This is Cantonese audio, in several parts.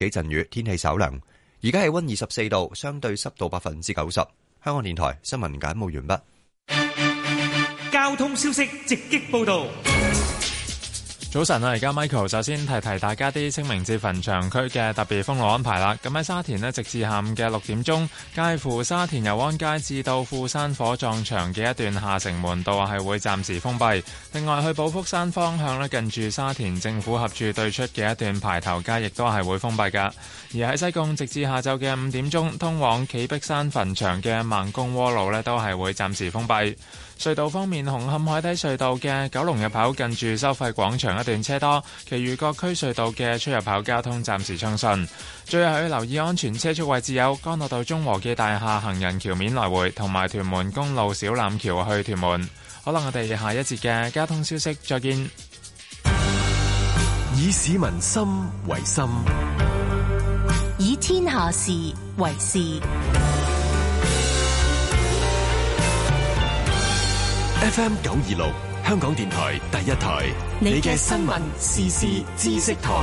幾陣雨，天氣稍涼。而家氣溫二十四度，相對濕度百分之九十。香港電台新聞簡報完畢。交通消息直擊報道。早晨啊！而家 Michael 首先提提大家啲清明節墳場區嘅特別封路安排啦。咁喺沙田呢，直至下午嘅六點鐘，介乎沙田油灣街至到富山火葬場嘅一段下城門道係會暫時封閉。另外，去寶福山方向呢，近住沙田政府合署對出嘅一段排頭街，亦都係會封閉嘅。而喺西貢，直至下晝嘅五點鐘，通往企碧山墳場嘅孟公窩路呢，都係會暫時封閉。隧道方面，紅磡海底隧道嘅九龍入口近住收費廣場一段車多，其餘各區隧道嘅出入口交通暫時暢順。最後要留意安全車速位置，有干諾道中和記大廈行人橋面來回，同埋屯門公路小欖橋去屯門。好啦，我哋下一節嘅交通消息再見。以市民心為心，以天下事為事。FM 九二六，香港電台第一台，你嘅新聞、時事、知識台。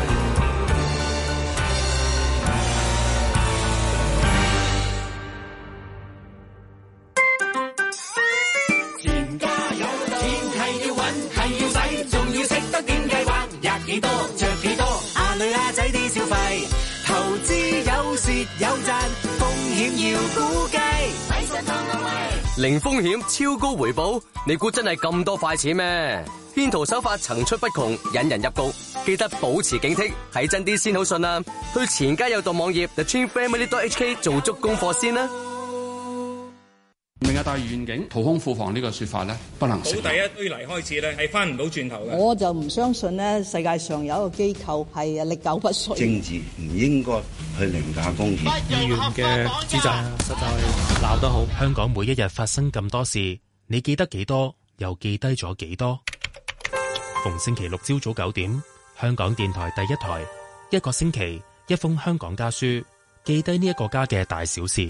全家有錢係要搵係要使，仲要識得點計劃，食幾多着幾多，阿女阿仔啲消費，投資有蝕有賺，風險要估計。零風險超高回報，你估真係咁多快錢咩？騙徒手法層出不窮，引人入局，記得保持警惕，睇真啲先好信啦、啊。去錢家有道網頁 TheChinFamily.hk 做足功課先啦。有大願景，掏空庫房呢個説法呢，不能。好第一堆泥開始呢，係翻唔到轉頭嘅。我就唔相信呢，世界上有一個機構係歷久不衰。政治唔應該去凌駕公義。議員嘅資質，實在鬧得好。香港每一日發生咁多事，你記得幾多？又記低咗幾多？逢星期六朝早九點，香港電台第一台，一個星期一封香港家書，記低呢一個家嘅大小事。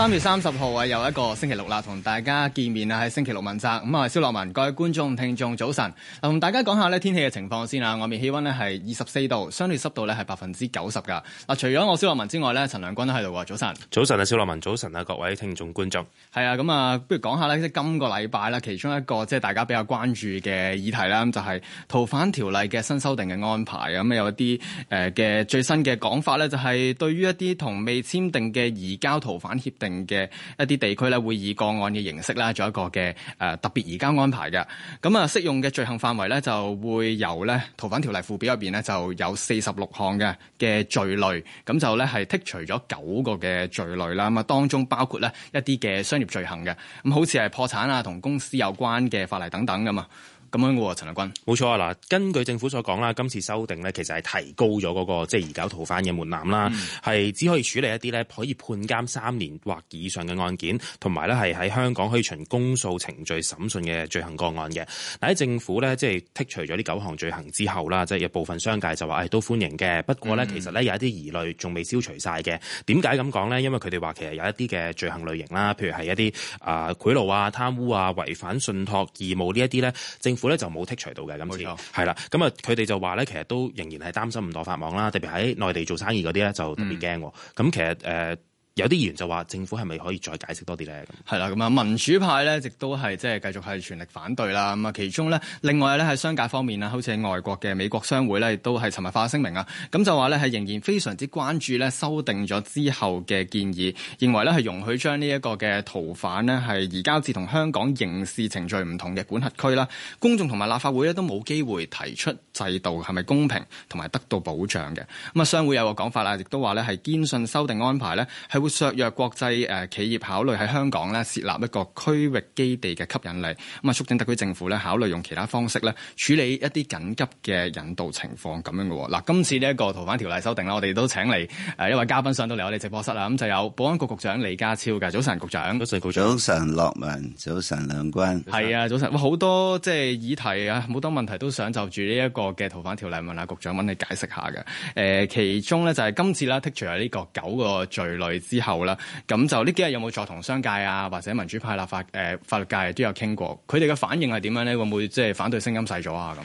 三月三十號啊，又一個星期六啦，同大家見面啊，喺星期六問責。咁啊，蕭洛汶各位觀眾、聽眾，早晨。同大家講下呢天氣嘅情況先啊。外面氣温呢係二十四度，相對濕度呢係百分之九十㗎。嗱，除咗我蕭洛汶之外呢，陳亮均都喺度喎。早晨。早晨啊，蕭洛汶。早晨啊，各位聽眾觀眾。係啊，咁啊，不如講下呢即係今個禮拜啦，其中一個即係大家比較關注嘅議題啦，咁就係逃犯條例嘅新修訂嘅安排。咁有一啲誒嘅最新嘅講法呢，就係對於一啲同未簽訂嘅移交逃犯協定。嘅一啲地區咧，會以個案嘅形式咧，做一個嘅誒特別移交安排嘅。咁啊，適用嘅罪行範圍咧，就會由咧《逃犯條例》附表入邊咧，就有四十六項嘅嘅罪類，咁就咧係剔除咗九個嘅罪類啦。咁啊，當中包括咧一啲嘅商業罪行嘅，咁好似係破產啊，同公司有關嘅法例等等咁嘛。咁樣喎，陳亮均，冇錯啊嗱，根據政府所講啦，今次修訂呢，其實係提高咗嗰、那個即係移交逃犯嘅門檻啦，係、嗯、只可以處理一啲呢，可以判監三年或以上嘅案件，同埋呢係喺香港可以循公訴程序審訊嘅罪行個案嘅。但喺政府呢，即係剔除咗呢九項罪行之後啦，即係有部分商界就話誒、哎、都歡迎嘅，不過呢，其實呢，有一啲疑慮仲未消除晒嘅。點解咁講呢？因為佢哋話其實有一啲嘅罪行類型啦，譬如係一啲啊、呃、賄賂啊、貪污啊、違反信託義務呢一啲呢。政府府咧就冇剔除到嘅錯，今次係啦，咁啊佢哋就話咧，其實都仍然係擔心唔到法網啦，特別喺內地做生意嗰啲咧就特別驚喎，咁、嗯、其實誒。呃有啲議員就話政府係咪可以再解釋多啲呢？係啦，咁啊民主派呢，亦都係即係繼續係全力反對啦。咁啊，其中呢，另外咧喺商界方面啊，好似喺外國嘅美國商會呢，亦都係尋日發聲明啊，咁就話呢，係仍然非常之關注呢，修訂咗之後嘅建議，認為呢，係容許將呢一個嘅逃犯呢，係移交至同香港刑事程序唔同嘅管轄區啦，公眾同埋立法會呢，都冇機會提出制度係咪公平同埋得到保障嘅。咁啊，商會有個講法啦，亦都話呢，係堅信修訂安排呢。會削弱國際誒企業考慮喺香港咧設立一個區域基地嘅吸引力，咁啊，促進特區政府咧考慮用其他方式咧處理一啲緊急嘅引渡情況咁樣嘅。嗱，今次呢一個逃犯條例修訂啦，我哋都請嚟誒一位嘉賓上到嚟我哋直播室啦，咁就有保安局局長李家超嘅。早晨，局長。早晨，局長。早晨，洛汶。早晨，亮均。係啊，早晨。好多即係議題啊，好多問題都想就住呢一個嘅逃犯條例問下局長，問你解釋下嘅。誒、呃，其中咧就係、是、今次啦剔除係呢個九個罪類。之後啦，咁就呢幾日有冇坐同商界啊，或者民主派立法誒、呃、法律界都有傾過，佢哋嘅反應係點樣呢？會唔會即係反對聲音細咗啊？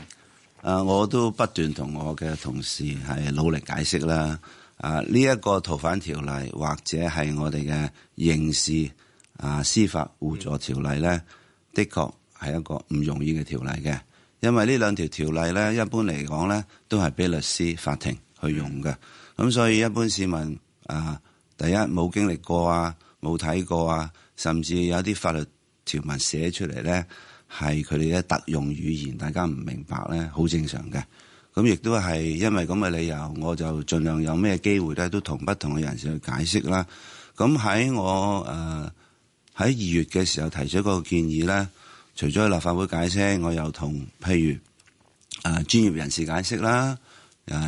咁啊，我都不斷同我嘅同事係努力解釋啦。啊，呢、這、一個逃犯條例或者係我哋嘅刑事啊司法互助條例呢，的確係一個唔容易嘅條例嘅，因為呢兩條條例呢，一般嚟講呢，都係俾律師法庭去用嘅，咁所以一般市民啊。第一冇經歷過啊，冇睇過啊，甚至有啲法律條文寫出嚟呢，係佢哋嘅特用語言，大家唔明白呢，好正常嘅。咁亦都係因為咁嘅理由，我就盡量有咩機會呢，都同不同嘅人士去解釋啦。咁喺我誒喺二月嘅時候提出一個建議呢，除咗立法會解釋，我又同譬如誒、呃、專業人士解釋啦，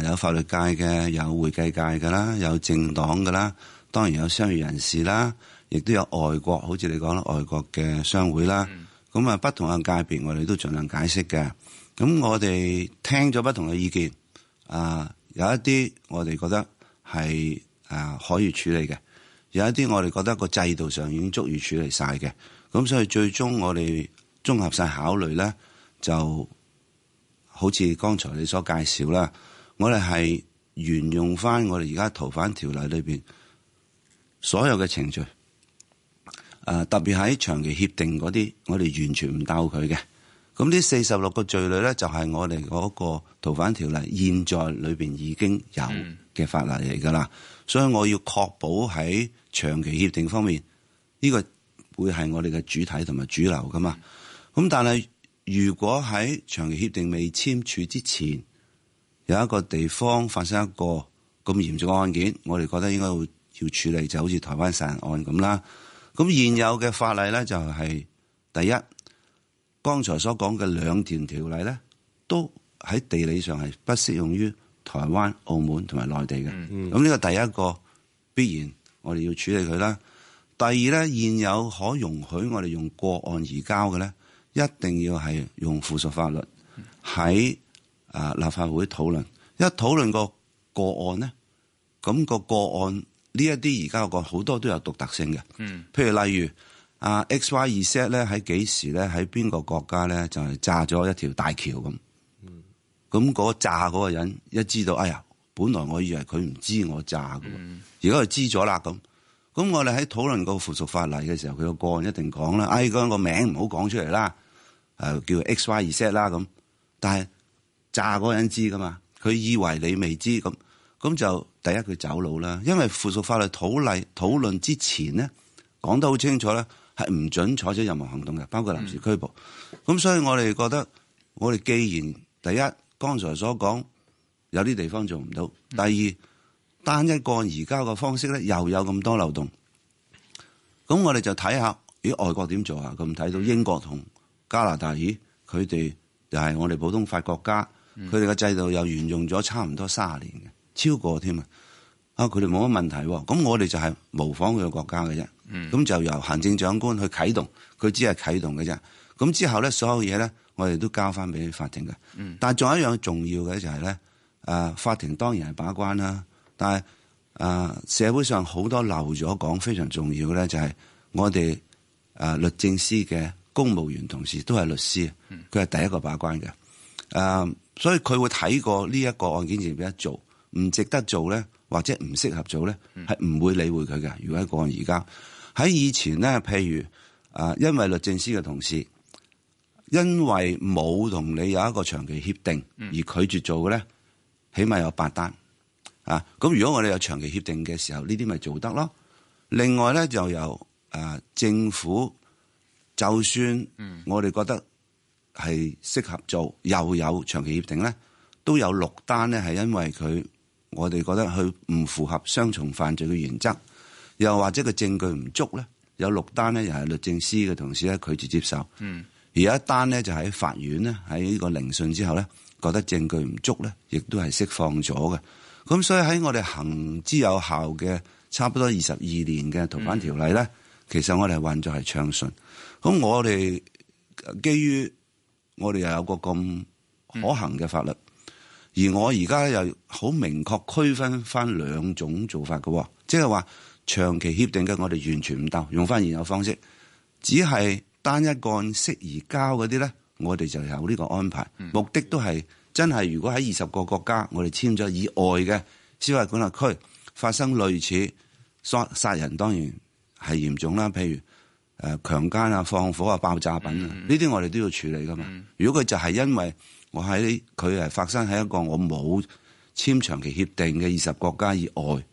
有法律界嘅，有會計界嘅啦，有政黨嘅啦。當然有商業人士啦，亦都有外國，好似你講啦，外國嘅商會啦。咁啊、嗯，不同嘅界別，我哋都盡量解釋嘅。咁我哋聽咗不同嘅意見啊，有一啲我哋覺得係啊可以處理嘅；有一啲我哋覺得個制度上已經足以處理晒嘅。咁所以最終我哋綜合晒考慮呢，就好似剛才你所介紹啦，我哋係沿用翻我哋而家逃犯條例裏面。所有嘅程序，呃，特別喺長期協定嗰啲，我哋完全唔鬥佢嘅。咁呢四十六個罪類呢，就係、是、我哋嗰個逃犯條例現在裏面已經有嘅法例嚟噶啦。所以我要確保喺長期協定方面，呢、這個會係我哋嘅主體同埋主流噶嘛。咁但係，如果喺長期協定未簽署之前，有一個地方發生一個咁嚴重嘅案件，我哋覺得應該會。要處理就好似台灣殺人案咁啦。咁現有嘅法例咧、就係，就係第一，剛才所講嘅兩條條例咧，都喺地理上係不適用於台灣、澳門同埋內地嘅。咁呢個第一個必然，我哋要處理佢啦。第二咧，現有可容許我哋用個案移交嘅咧，一定要係用附屬法律喺啊立法會討論。一討論個個案咧，咁、個個案。呢一啲而家個好多都有獨特性嘅，譬如例如啊 X Y 二 set 咧喺幾時咧喺邊個國家咧就係、是、炸咗一條大橋咁，咁、那、嗰、個、炸嗰個人一知道，哎呀，本來我以為佢唔知我炸嘅，而家佢知咗啦咁，咁我哋喺討論個附屬法例嘅時候，佢個個案一定講啦，哎，個、那個名唔好講出嚟啦，誒叫 X Y 二 set 啦咁，但係炸嗰個人知噶嘛，佢以為你未知咁，咁就。第一，佢走佬啦，因為附屬法律討論討論之前咧，講得好清楚咧，係唔准採取任何行動嘅，包括臨時拘捕。咁、嗯、所以我哋覺得，我哋既然第一剛才所講有啲地方做唔到，第二單一個移交嘅方式咧，又有咁多漏洞。咁我哋就睇下，咦，外國點做啊？咁睇到英國同加拿大，咦，佢哋又係我哋普通法國家，佢哋嘅制度又沿用咗差唔多卅年嘅。超過添啊！啊，佢哋冇乜問題喎。咁我哋就係模仿佢嘅國家嘅啫。咁就由行政長官去啟動，佢只係啟動嘅啫。咁之後咧，所有嘢咧，我哋都交翻俾法庭嘅。但係仲有一樣重要嘅就係、是、咧，啊，法庭當然係把關啦。但係啊，社會上好多漏咗講非常重要嘅咧，就係我哋啊律政司嘅公務員同事都係律師，佢係第一個把關嘅。啊，所以佢會睇過呢一個案件前邊一做。唔值得做呢，或者唔適合做呢，係唔會理會佢嘅。如果喺個人而家喺以前呢，譬如啊，因為律政司嘅同事，因為冇同你有一個長期協定而拒絕做嘅呢，起碼有八單。啊，咁如果我哋有長期協定嘅時候，呢啲咪做得咯。另外呢，就由啊政府，就算我哋覺得係適合做，又有長期協定呢，都有六單呢係因為佢。我哋覺得佢唔符合雙重犯罪嘅原則，又或者個證據唔足咧，有六單咧又係律政司嘅同事咧拒絕接受，嗯、而有一單咧就喺法院咧喺呢個聆訊之後咧覺得證據唔足咧，亦都係釋放咗嘅。咁所以喺我哋行之有效嘅差不多二十二年嘅逃犯條例咧，嗯、其實我哋係運作係暢順。咁我哋基於我哋又有個咁可行嘅法律。嗯而我而家咧又好明確區分翻兩種做法嘅，即係話長期協定嘅，我哋完全唔鬥，用翻現有方式。只係單一個案移交嗰啲咧，我哋就有呢個安排。嗯、目的都係真係，如果喺二十個國家我哋簽咗以外嘅司法管轄區發生類似殺殺人，當然係嚴重啦。譬如誒、呃、強奸啊、放火啊、爆炸品啊，呢啲、嗯、我哋都要處理噶嘛。嗯、如果佢就係因為我喺佢係發生喺一個我冇簽長期協定嘅二十國家以外。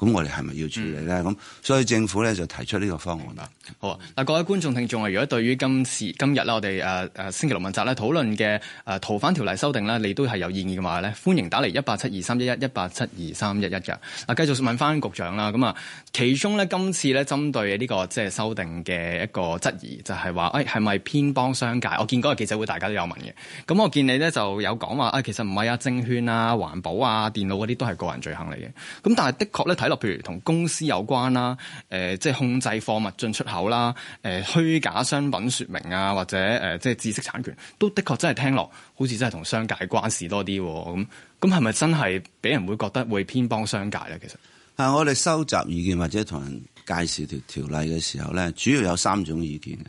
咁我哋係咪要處理咧？咁、嗯、所以政府咧就提出呢個方案啦。好啊，嗱各位觀眾聽眾啊，如果對於今次今日呢，我哋誒、啊、星期六問責咧討論嘅誒、啊、逃犯條例修訂呢，你都係有意見嘅話咧，歡迎打嚟一八七二三一一一八七二三一一嘅。嗱、啊，繼續問翻局長啦。咁啊，其中咧今次咧針對呢、呢個即係修訂嘅一個質疑，就係話誒係咪偏幫商界？我見嗰個記者會大家都有問嘅。咁我見你咧就有講話啊，其實唔係啊，證券啊、環保啊、電腦嗰、啊、啲、啊、都係個人罪行嚟嘅。咁但係的確咧睇。譬如同公司有關啦，誒，即係控制貨物進出口啦，誒，虛假商品說明啊，或者誒，即係知識產權，都的確真係聽落，好似真係同商界關事多啲，咁咁係咪真係俾人會覺得會偏幫商界咧？其實，啊，我哋收集意見或者同人介紹條條例嘅時候咧，主要有三種意見嘅。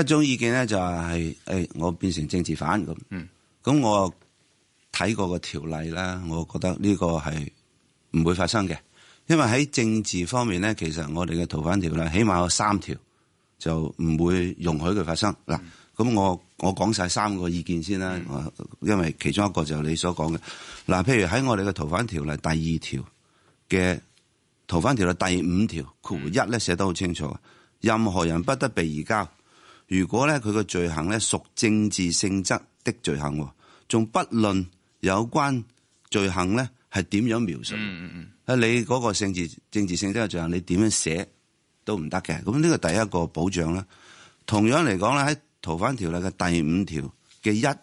一種意見咧就係、是、誒、欸，我變成政治犯咁，嗯，咁我睇過個條例啦，我覺得呢個係唔會發生嘅。因為喺政治方面咧，其實我哋嘅逃犯條例起碼有三條就唔會容許佢發生嗱。咁我我講晒三個意見先啦，因為其中一個就係你所講嘅嗱。譬如喺我哋嘅逃犯條例第二條嘅逃犯條例第五條括弧一咧寫得好清楚，任何人不得被移交。如果咧佢嘅罪行咧屬政治性質的罪行，仲不論有關罪行咧。係點樣描述？啊、嗯，你嗰個政治政治性質嘅罪行，你點樣寫都唔得嘅。咁呢個第一個保障啦。同樣嚟講咧，喺逃犯條例嘅第五條嘅一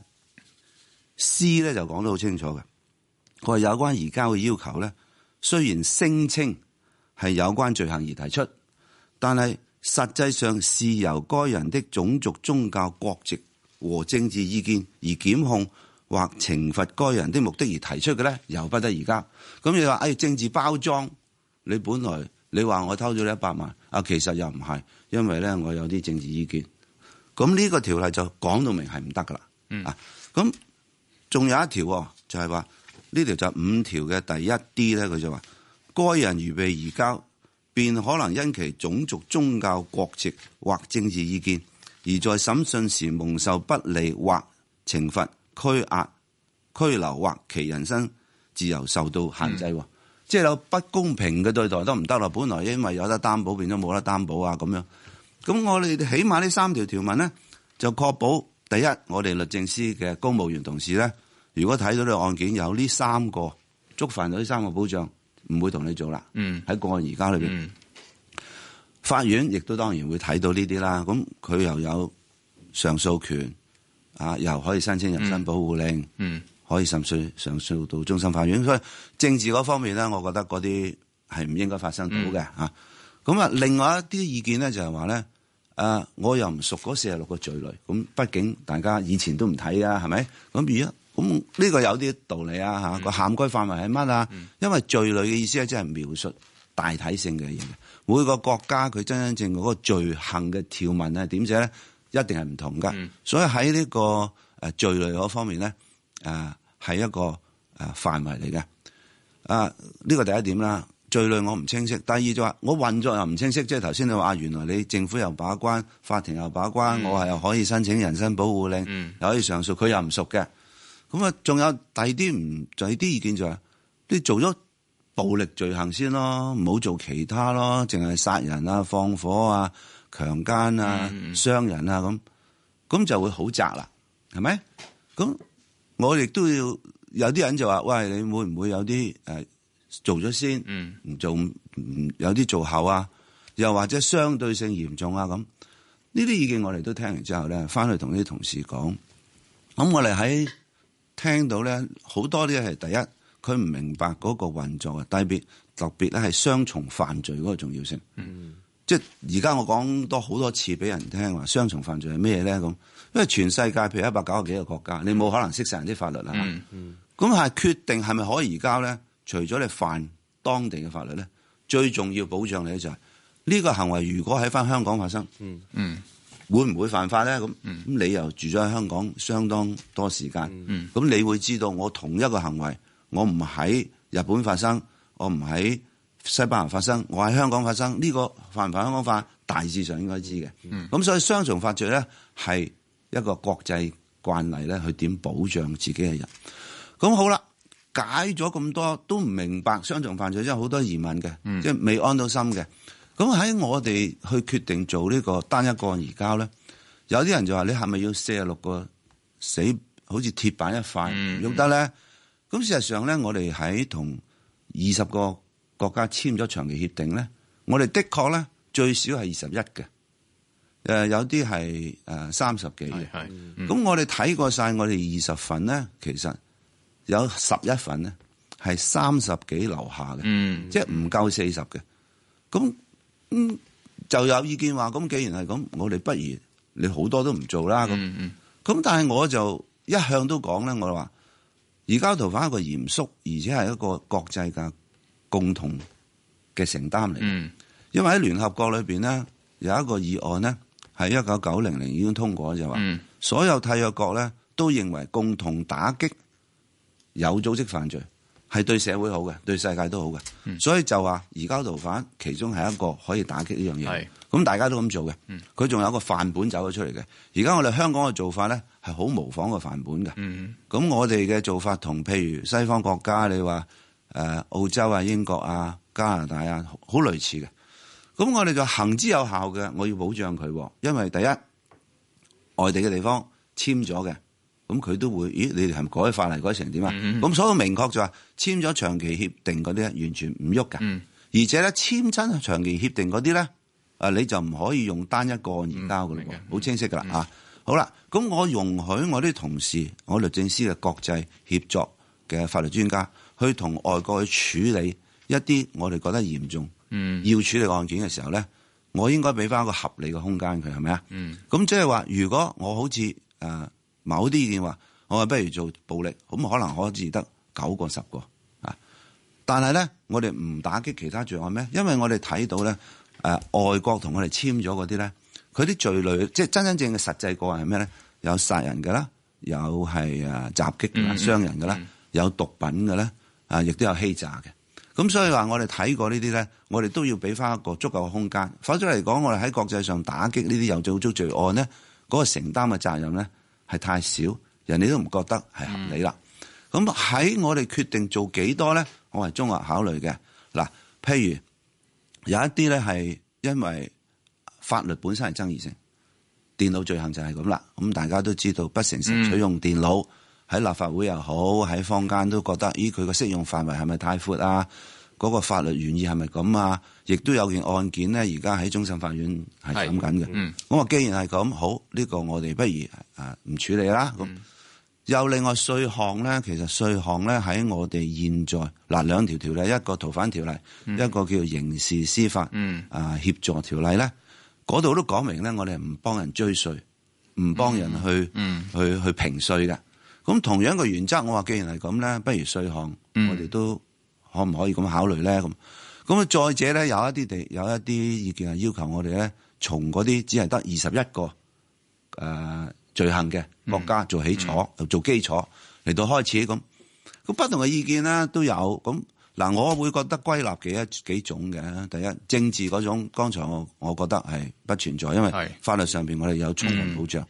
c 咧就講得好清楚嘅。佢係有關移交嘅要求咧，雖然聲稱係有關罪行而提出，但係實際上是由該人的種族、宗教、國籍和政治意見而檢控。或懲罰該人的目的而提出嘅咧，由不得移交。咁你話，誒，政治包裝，你本來你話我偷咗你一百萬，啊，其實又唔係，因為咧我有啲政治意見。咁呢、呢個條例就講到明係唔得噶啦。嗯啊，咁仲有一條就係話呢條就五條嘅第一啲咧，佢就話該人如被移交，便可能因其種族、宗教、國籍或政治意見，而在審訊時蒙受不利或懲罰。拘押、拘留或其人身自由受到限制，嗯、即係有不公平嘅對待都唔得啦。本來因為有得擔保，變咗冇得擔保啊，咁樣。咁我哋起碼呢三條條文咧，就確保第一，我哋律政司嘅公務員同事咧，如果睇到呢個案件有呢三個觸犯咗呢三個保障，唔會同你做啦。嗯，喺個案而家裏邊，嗯、法院亦都當然會睇到呢啲啦。咁佢又有上訴權。啊，又可以申請人身保護令，嗯、可以甚至上訴到終審法院。所以政治嗰方面咧，我覺得嗰啲係唔應該發生到嘅嚇。咁啊，嗯、另外一啲意見咧就係話咧，誒，我又唔熟嗰四十六個罪類。咁畢竟大家以前都唔睇啊，係咪？咁如果咁呢個有啲道理啊嚇。個、嗯、涵蓋範圍係乜啊？嗯、因為罪類嘅意思咧，即係描述大體性嘅嘢。每個國家佢真真正正嗰個罪行嘅條文啊，點寫咧？一定係唔同噶，嗯、所以喺呢、呢個誒罪類嗰方面咧，誒係一個誒範圍嚟嘅。啊，呢啊個，啊啊、呢個第一點啦，罪類我唔清晰。第二就話我運作又唔清晰，即係頭先你話、啊、原來你政府又把關，法庭又把關，嗯、我係可以申請人身保護令，嗯、又可以上訴，佢又唔熟嘅。咁啊，仲有第二啲唔，仲有啲意見就話、係，你做咗暴力罪行先咯，唔好做其他咯，淨係殺人啊，放火啊。強姦啊、傷人啊咁，咁、嗯、就會好窄啦、啊，係咪？咁我亦都要有啲人就話，喂，你會唔會有啲誒、呃、做咗先，唔做，有啲做後啊？又或者相對性嚴重啊？咁呢啲意見我哋都聽完之後咧，翻去同啲同事講。咁我哋喺聽到咧，好多啲係第一，佢唔明白嗰個運作啊，低別特別咧係雙重犯罪嗰個重要性。嗯即係而家我講多好多次俾人聽話雙重犯罪係咩嘢咧咁？因為全世界譬如一百九十幾個國家，你冇可能識晒人啲法律啦。咁係、嗯嗯、決定係咪可以移交咧？除咗你犯當地嘅法律咧，最重要保障你咧就係呢個行為如果喺翻香港發生，嗯嗯，嗯會唔會犯法咧？咁咁你又住咗喺香港相當多時間，咁、嗯嗯、你會知道我同一個行為，我唔喺日本發生，我唔喺。西班牙發生，我喺香港發生呢、這個犯唔犯香港法？大致上應該知嘅。咁、嗯、所以雙重犯罪咧，係一個國際慣例咧，去點保障自己嘅人。咁好啦，解咗咁多都唔明白雙重犯罪，即係好多疑問嘅，嗯、即係未安到心嘅。咁喺我哋去決定做呢個單一個案移交咧，有啲人就話：你係咪要四十六個死，好似鐵板一塊，郁得咧？咁事、嗯、實上咧，我哋喺同二十個。國家簽咗長期協定咧，我哋的確咧最少係二十一嘅。誒，有啲係誒三十幾嘅。咁、嗯、我哋睇過曬我哋二十份咧，其實有十一份咧係三十幾樓下嘅，嗯、即係唔夠四十嘅。咁嗯就有意見話，咁既然係咁，我哋不如你好多都唔做啦。咁咁、嗯、但係我就一向都講咧，我話移交逃犯一個嚴肅，而且係一個國際嘅。共同嘅承擔嚟，因為喺聯合國裏邊咧有一個議案咧，係一九九零年已經通過就話，嗯、所有締約國咧都認為共同打擊有組織犯罪係對社會好嘅，對世界都好嘅，嗯、所以就話移交逃犯其中係一個可以打擊呢樣嘢，咁是大家都咁做嘅，佢仲、嗯、有一個範本走咗出嚟嘅。而家我哋香港嘅做法咧係好模仿嘅範本嘅，咁、嗯、我哋嘅做法同譬如西方國家你話。誒澳洲啊、英國啊、加拿大啊，好類似嘅。咁我哋就行之有效嘅，我要保障佢。因為第一，外地嘅地方簽咗嘅，咁佢都會，咦？你哋係咪改法例改成點啊？咁、mm hmm. 所以明確就話、係、簽咗長期協定嗰啲，完全唔喐噶。Mm hmm. 而且咧簽真長期協定嗰啲咧，你就唔可以用單一個移交嘅啦，好、mm hmm. 清晰噶啦、mm hmm. 好啦，咁我容許我啲同事，我律政司嘅國際協助嘅法律專家去同外國去處理一啲我哋覺得嚴重，嗯、要處理案件嘅時候咧，我應該俾翻一個合理嘅空間佢，係咪啊？咁即係話，如果我好似誒、呃、某啲意見話，我話不如做暴力，咁可能可至得九個十個啊！但係咧，我哋唔打擊其他罪案咩？因為我哋睇到咧，誒、呃、外國同我哋簽咗嗰啲咧，佢啲罪類即係真真正嘅實際個案係咩咧？有殺人嘅啦，有係誒襲擊、嗯、傷人嘅啦。嗯有毒品嘅咧，啊，亦都有欺詐嘅。咁所以話，我哋睇過呢啲咧，我哋都要俾翻一個足夠嘅空間。否則嚟講，我哋喺國際上打擊呢啲有組織罪案咧，嗰、那個承擔嘅責任咧係太少，人哋都唔覺得係合理啦。咁喺、嗯、我哋決定做幾多咧，我係綜合考慮嘅。嗱，譬如有一啲咧係因為法律本身係爭議性，電腦罪行就係咁啦。咁大家都知道，不誠實取用電腦。嗯喺立法會又好，喺坊間都覺得，咦，佢個適用範圍係咪太闊啊？嗰、嗰個法律原意係咪咁啊？亦都有件案件咧，而家喺終審法院係審緊嘅。咁、嗯，這個、啊，既然係咁，好呢個我哋不如啊唔處理啦。咁又、嗯、另外稅項咧，其實稅項咧喺我哋現在嗱兩條條例，一個逃犯條例，嗯、一個叫刑事司法、嗯、啊協助條例咧，嗰度都講明咧，我哋唔幫人追稅，唔幫人去、嗯嗯、去去平稅嘅。咁同樣個原則，我話既然係咁咧，不如稅項，我哋都可唔可以咁考慮咧？咁咁啊，再者咧，有一啲地，有一啲意見係要求我哋咧，從嗰啲只係得二十一個誒罪行嘅國家做起坐，嗯、做基礎嚟到開始咁。咁不同嘅意見呢都有咁嗱，我會覺得歸納幾一幾種嘅。第一政治嗰種，剛才我我覺得係不存在，因為法律上面我哋有充分保障，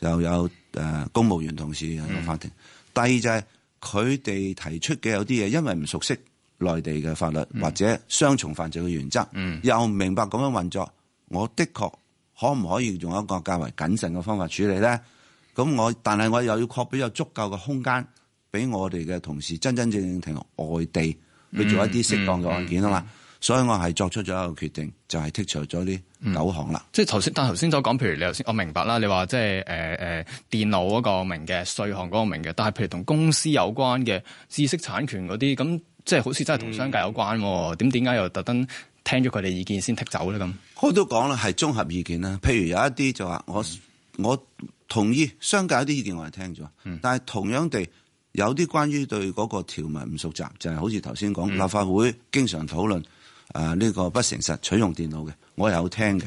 嗯、又有。誒公務員同事入法庭，嗯、第二就係佢哋提出嘅有啲嘢，因為唔熟悉內地嘅法律，嗯、或者雙重犯罪嘅原則，嗯、又唔明白咁樣運作，我的確可唔可以用一個較為謹慎嘅方法處理呢？咁我但係我又要確保有足夠嘅空間俾我哋嘅同事真真正正停外地去做一啲適當嘅案件啊嘛。嗯嗯嗯嗯。所以我係作出咗一個決定，就係、是、剔除咗啲九項啦。即係頭先，但係頭先所講，譬如你頭先，我明白啦。你話即係誒誒電腦嗰個名嘅稅項嗰個名嘅，但係譬如同公司有關嘅知識產權嗰啲，咁即係好似真係同商界有關的。點點解又特登聽咗佢哋意見先剔走咧？咁我都講啦，係綜合意見啦。譬如有一啲就話我我同意商界一啲意見我了，我係聽咗。但係同樣地，有啲關於對嗰個條文唔熟悉，就係、是、好似頭先講，嗯、立法會經常討論。啊！呢、呢個不誠實取用電腦嘅，我有聽嘅，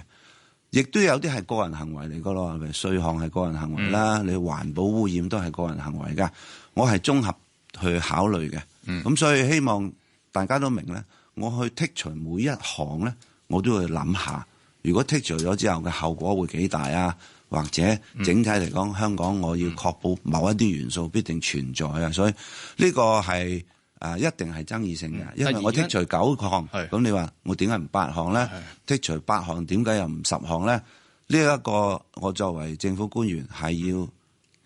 亦都有啲係個人行為嚟，嗰個咪稅項係個人行為啦。嗯、你環保污染都係個人行為㗎，我係綜合去考慮嘅。咁、嗯、所以希望大家都明咧，我去剔除每一項咧，我都會諗下，如果剔除咗之後嘅後果會幾大啊？或者整體嚟講，嗯、香港我要確保某一啲元素必定存在啊。所以呢個係。啊！一定係爭議性嘅，嗯、因為我剔除九項，咁是你話我點解唔八項咧？剔除八項點解又唔十項咧？呢一、個，我作為政府官員係要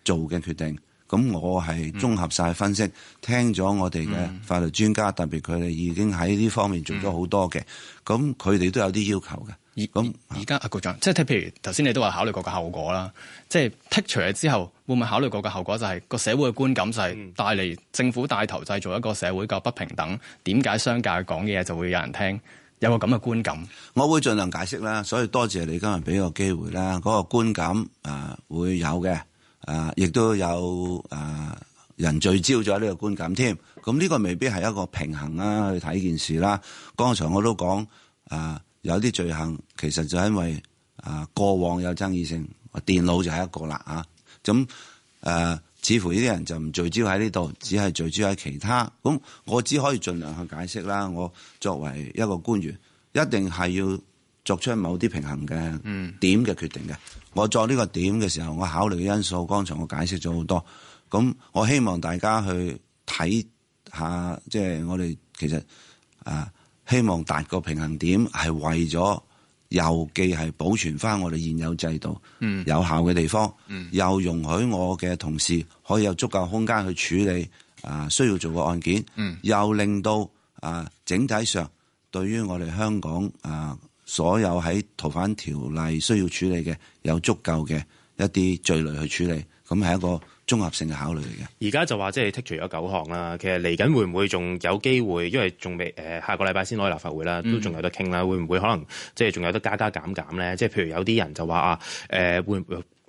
做嘅決定，咁我係綜合晒分析，嗯、聽咗我哋嘅法律專家，嗯、特別佢哋已經喺呢方面做咗好多嘅，咁佢哋都有啲要求嘅。而咁而家阿局長，即係、啊、譬如頭先你都話考慮過個後果啦。即係剔除咗之後，會唔會考慮過個後果？就係個社會嘅觀感，就係帶嚟政府帶頭製造一個社會嘅不平等。點解商界講嘅嘢就會有人聽？有個咁嘅觀感，我會盡量解釋啦。所以多謝你今日俾個機會啦。嗰、那個觀感啊、呃，會有嘅啊，亦、呃、都有啊人聚焦咗呢個觀感添。咁呢個未必係一個平衡啦，去睇件事啦。剛才我都講啊。呃有啲罪行其實就因為啊、呃、過往有爭議性，電腦就係一個啦，咁誒，似乎呢啲人就唔聚焦喺呢度，只係聚焦喺其他。咁我只可以盡量去解釋啦。我作為一個官員，一定係要作出某啲平衡嘅點嘅決定嘅。嗯、我作呢個點嘅時候，我考慮嘅因素，剛才我解釋咗好多。咁我希望大家去睇下，即係我哋其實啊。呃希望達個平衡點，係為咗又既係保存翻我哋現有制度有效嘅地方，嗯、又容許我嘅同事可以有足夠空間去處理啊，需要做嘅案件，嗯、又令到啊整體上對於我哋香港啊所有喺逃犯條例需要處理嘅有足夠嘅一啲罪類去處理，咁係一個。綜合性嘅考慮嚟嘅，而家就話即係剔除咗九項啦。其實嚟緊會唔會仲有機會？因為仲未誒，下個禮拜先攞去立法會啦，都仲有得傾啦。嗯、會唔會可能即係仲有得加加減減咧？即係譬如有啲人就話啊，會唔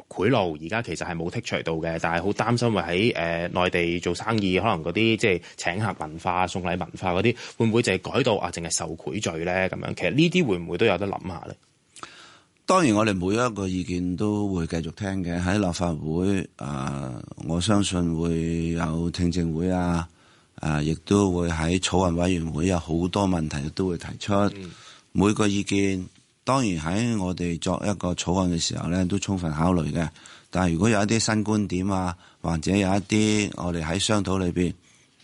會賄賂，而家其實係冇剔除到嘅，但係好擔心話喺誒內地做生意可能嗰啲即係請客文化、送禮文化嗰啲，會唔會就係改到啊，淨係受賄罪咧？咁樣其實呢啲會唔會都有得諗下咧？當然，我哋每一個意見都會繼續聽嘅。喺立法會啊、呃，我相信會有聽證會啊，啊、呃，亦都會喺草案委員會有、啊、好多問題都會提出。嗯、每個意見當然喺我哋作一個草案嘅時候呢，都充分考慮嘅。但如果有一啲新觀點啊，或者有一啲我哋喺商討裏面，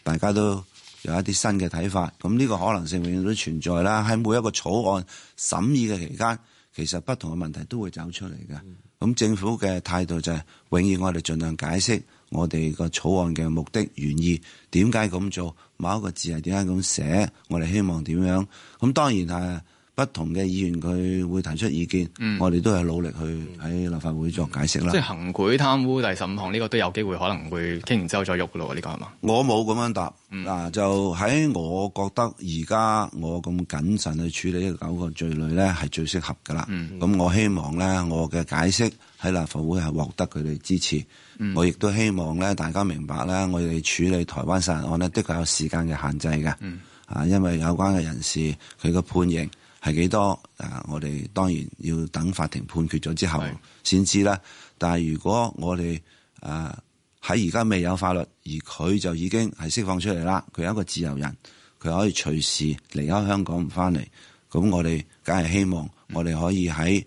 大家都有一啲新嘅睇法，咁呢個可能性永遠都存在啦。喺每一個草案審議嘅期間。其實不同嘅問題都會走出嚟嘅，咁政府嘅態度就係、是、永遠我哋盡量解釋我哋個草案嘅目的、原意，點解咁做，某一個字係點解咁寫，我哋希望點樣，咁當然係。不同嘅議員佢會提出意見，嗯、我哋都係努力去喺立法會作解釋啦。即係行賄貪污第十五項呢個都有機會可能會傾完之後再喐噶咯呢個係嘛？我冇咁樣答嗱，就喺我覺得而家我咁謹慎去處理呢九個罪類咧係最適合㗎啦。咁、嗯嗯、我希望咧我嘅解釋喺立法會係獲得佢哋支持。嗯、我亦都希望咧大家明白咧，我哋處理台灣殺人案呢，的確有時間嘅限制嘅。嗯、啊，因為有關嘅人士佢個判刑。係幾多？啊！我哋當然要等法庭判決咗之後先知啦。的但係如果我哋啊喺而家未有法律，而佢就已經係釋放出嚟啦，佢係一個自由人，佢可以隨時離開香港唔翻嚟。咁我哋梗係希望我哋可以喺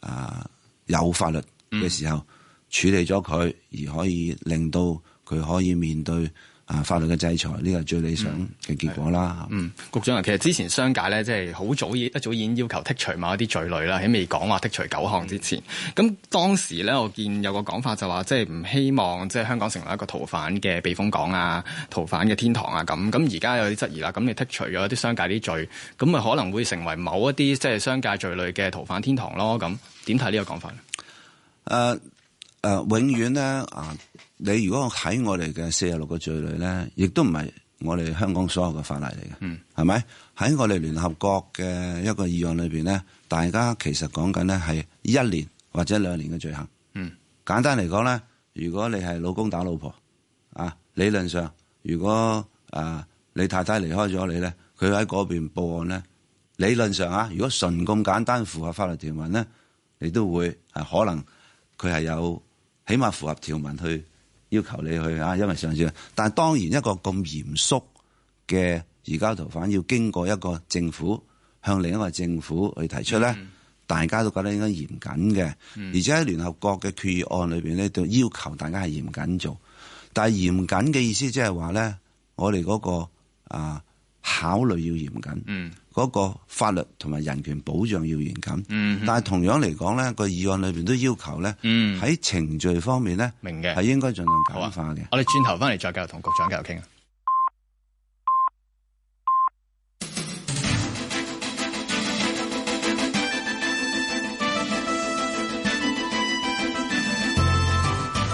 啊有法律嘅時候處理咗佢，嗯、而可以令到佢可以面對。啊！法律嘅制裁呢個係最理想嘅結果啦，嗯，嗯，局長啊，其實之前商界咧，即係好早已一早已經要求剔除某一啲罪類啦，喺未講話剔除九項之前，咁當時咧，我見有個講法就話，即係唔希望即係香港成為一個逃犯嘅避風港啊、逃犯嘅天堂啊咁，咁而家有啲質疑啦，咁你剔除咗一啲商界啲罪，咁咪可能會成為某一啲即係商界罪類嘅逃犯天堂咯？咁點睇呢個講法？誒、呃。誒、啊，永遠咧，啊，你如果睇我哋嘅四十六個罪類咧，亦都唔係我哋香港所有嘅法例嚟嘅，係咪、嗯？喺我哋聯合國嘅一個議案裏邊咧，大家其實講緊咧係一年或者兩年嘅罪行。嗯，簡單嚟講咧，如果你係老公打老婆，啊，理論上如果啊你太太離開咗你咧，佢喺嗰邊報案咧，理論上啊，如果純咁簡單符合法律條文咧，你都會係、啊、可能佢係有。起碼符合條文去要求你去啊，因為上次，但係當然一個咁嚴肅嘅移交逃犯，要經過一個政府向另一個政府去提出咧，嗯、大家都覺得應該嚴謹嘅，嗯、而且喺聯合國嘅決議案裏面咧，都要求大家係嚴謹做，但係嚴謹嘅意思即係話咧，我哋嗰、嗰個啊。考慮要嚴謹，嗰、嗯、個法律同埋人權保障要嚴謹，嗯、哼但係同樣嚟講咧，個議案裏邊都要求咧，喺、嗯、程序方面咧，明嘅係應該盡量簡化嘅。我哋轉頭翻嚟再繼續同局長繼續傾啊！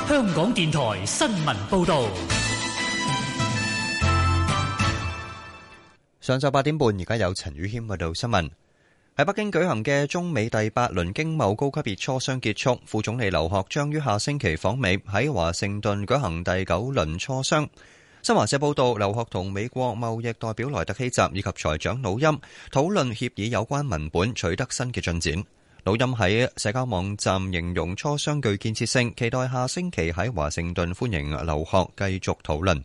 香港電台新聞報道。上晝八點半，而家有陳宇謙報道新聞。喺北京舉行嘅中美第八輪經貿高級別磋商結束，副總理劉鶴將於下星期訪美，喺華盛頓舉行第九輪磋商。新華社報道，劉鶴同美國貿易代表萊特希澤以及財長努欽討論協議有關文本，取得新嘅進展。努欽喺社交網站形容磋商具建設性，期待下星期喺華盛頓歡迎劉鶴繼續討論。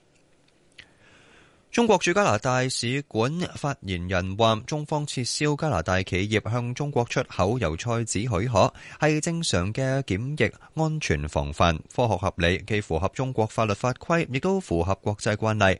中國駐加拿大使館發言人話，中方撤銷加拿大企業向中國出口油菜籽許可，係正常嘅檢疫安全防範，科學合理，既符合中國法律法規，亦都符合國際慣例。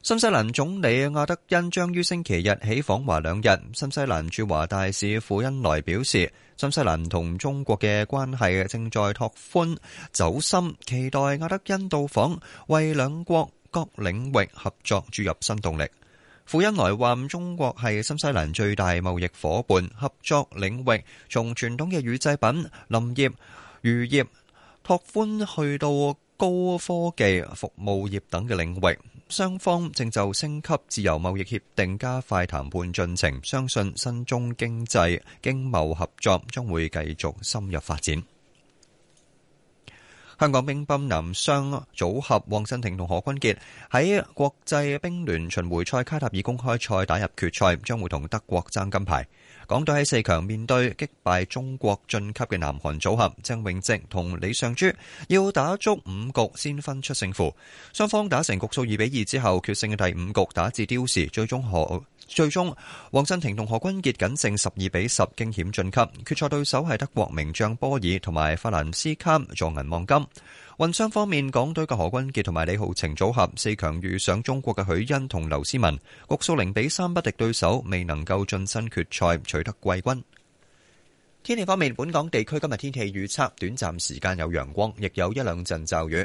新西蘭總理阿德恩將於星期日起訪華兩日。新西蘭駐華大使傅恩來表示，新西蘭同中國嘅關係正在拓寬走深，期待阿德恩到訪，為兩國各領域合作注入新動力。傅恩來話，中國係新西蘭最大貿易夥伴，合作領域從傳統嘅乳製品、林業、漁業拓寬去到高科技服務業等嘅領域。雙方正就升級自由貿易協定加快談判進程，相信新中經濟經貿合作將會繼續深入發展。香港乒乓男雙組合黃鎮廷同何君傑喺國際乒聯巡回賽卡塔爾公開賽打入決賽，將會同德國爭金牌。港隊喺四強面對擊敗中國晉級嘅南韓組合鄭永靖同李尚洙，要打足五局先分出勝負。雙方打成局數二比二之後，決勝嘅第五局打至刁時，最終何最終王振廷同何君傑僅勝十二比十，驚險晉級。決賽對手係德國名將波爾同埋法蘭斯卡，坐銀望金。混雙方面，港隊嘅何君傑同埋李浩晴組合四強遇上中國嘅許昕同劉詩雯。局數零比三不敵對手，未能夠晉身決賽，取得季軍。天氣方面，本港地區今日天氣預測短暫時間有陽光，亦有一兩陣驟雨。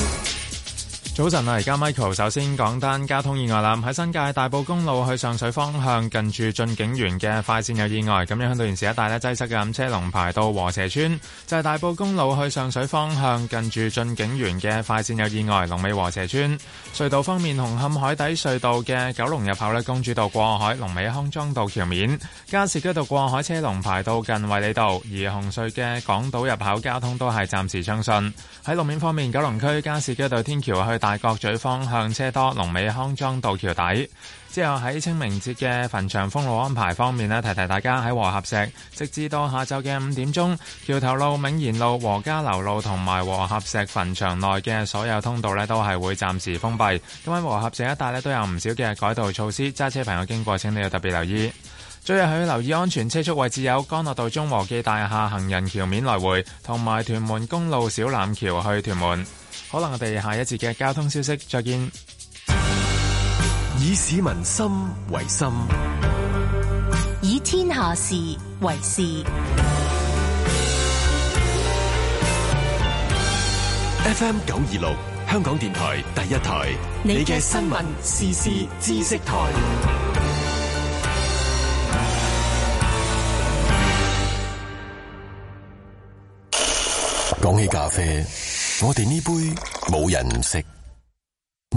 早晨啊！而家 Michael 首先講單交通意外啦，喺新界大埔公路去上水方向近住駿景園嘅快線有意外，咁樣響到現時一帶咧擠塞嘅，車龍排到禾輋邨，就係大埔公路去上水方向近住駿景園嘅快線有意外，龍尾禾輋邨。隧道方面，紅磡海底隧道嘅九龍入口咧，公主道過海龍尾康莊道橋面，加士居道過海車龍排到近衛理道，而紅隧嘅港島入口交通都係暫時暢順。喺路面方面，九龍區加士居道天橋去大角咀方向車多，龍尾康莊道橋底。之後喺清明節嘅墳場封路安排方面呢，提提大家喺和合石，直至到下晝嘅五點鐘，橋頭路、銘賢路、和家樓路同埋和合石墳場內嘅所有通道都係會暫時封閉。咁喺和合石一帶都有唔少嘅改道措施，揸車朋友經過請你要特別留意。最近去留意安全車速位置有干諾道中和記大廈行人橋面來回，同埋屯門公路小欖橋去屯門。可能我哋下一節嘅交通消息再見。以市民心為心，以天下事為事。F M 九二六香港電台第一台，你嘅新聞時事知識台。講起咖啡。我哋呢杯冇人唔識，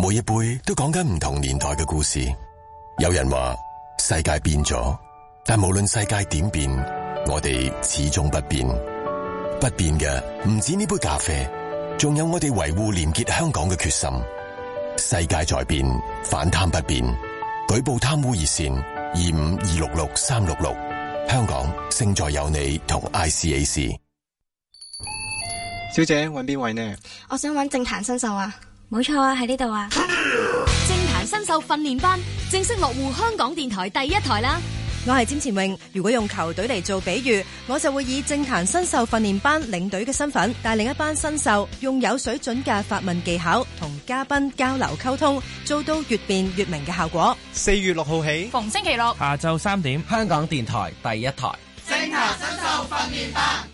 每一杯都講緊唔同年代嘅故事。有人話世界變咗，但無論世界點變，我哋始終不變。不變嘅唔止呢杯咖啡，仲有我哋維護廉潔香港嘅決心。世界在變，反貪不變。舉報貪污熱線二五二六六三六六，香港勝在有你同 ICAC。和 IC 小姐揾邊位呢？我想揾政壇新秀啊，冇錯啊，喺呢度啊。政壇新秀訓練班正式落戶香港電台第一台啦。我係詹前榮，如果用球隊嚟做比喻，我就會以政壇新秀訓練班領隊嘅身份，帶領一班新秀，用有水準嘅發問技巧，同嘉賓交流溝通，做到越變越明嘅效果。四月六號起，逢星期六下晝三點，香港電台第一台政壇新秀訓練班。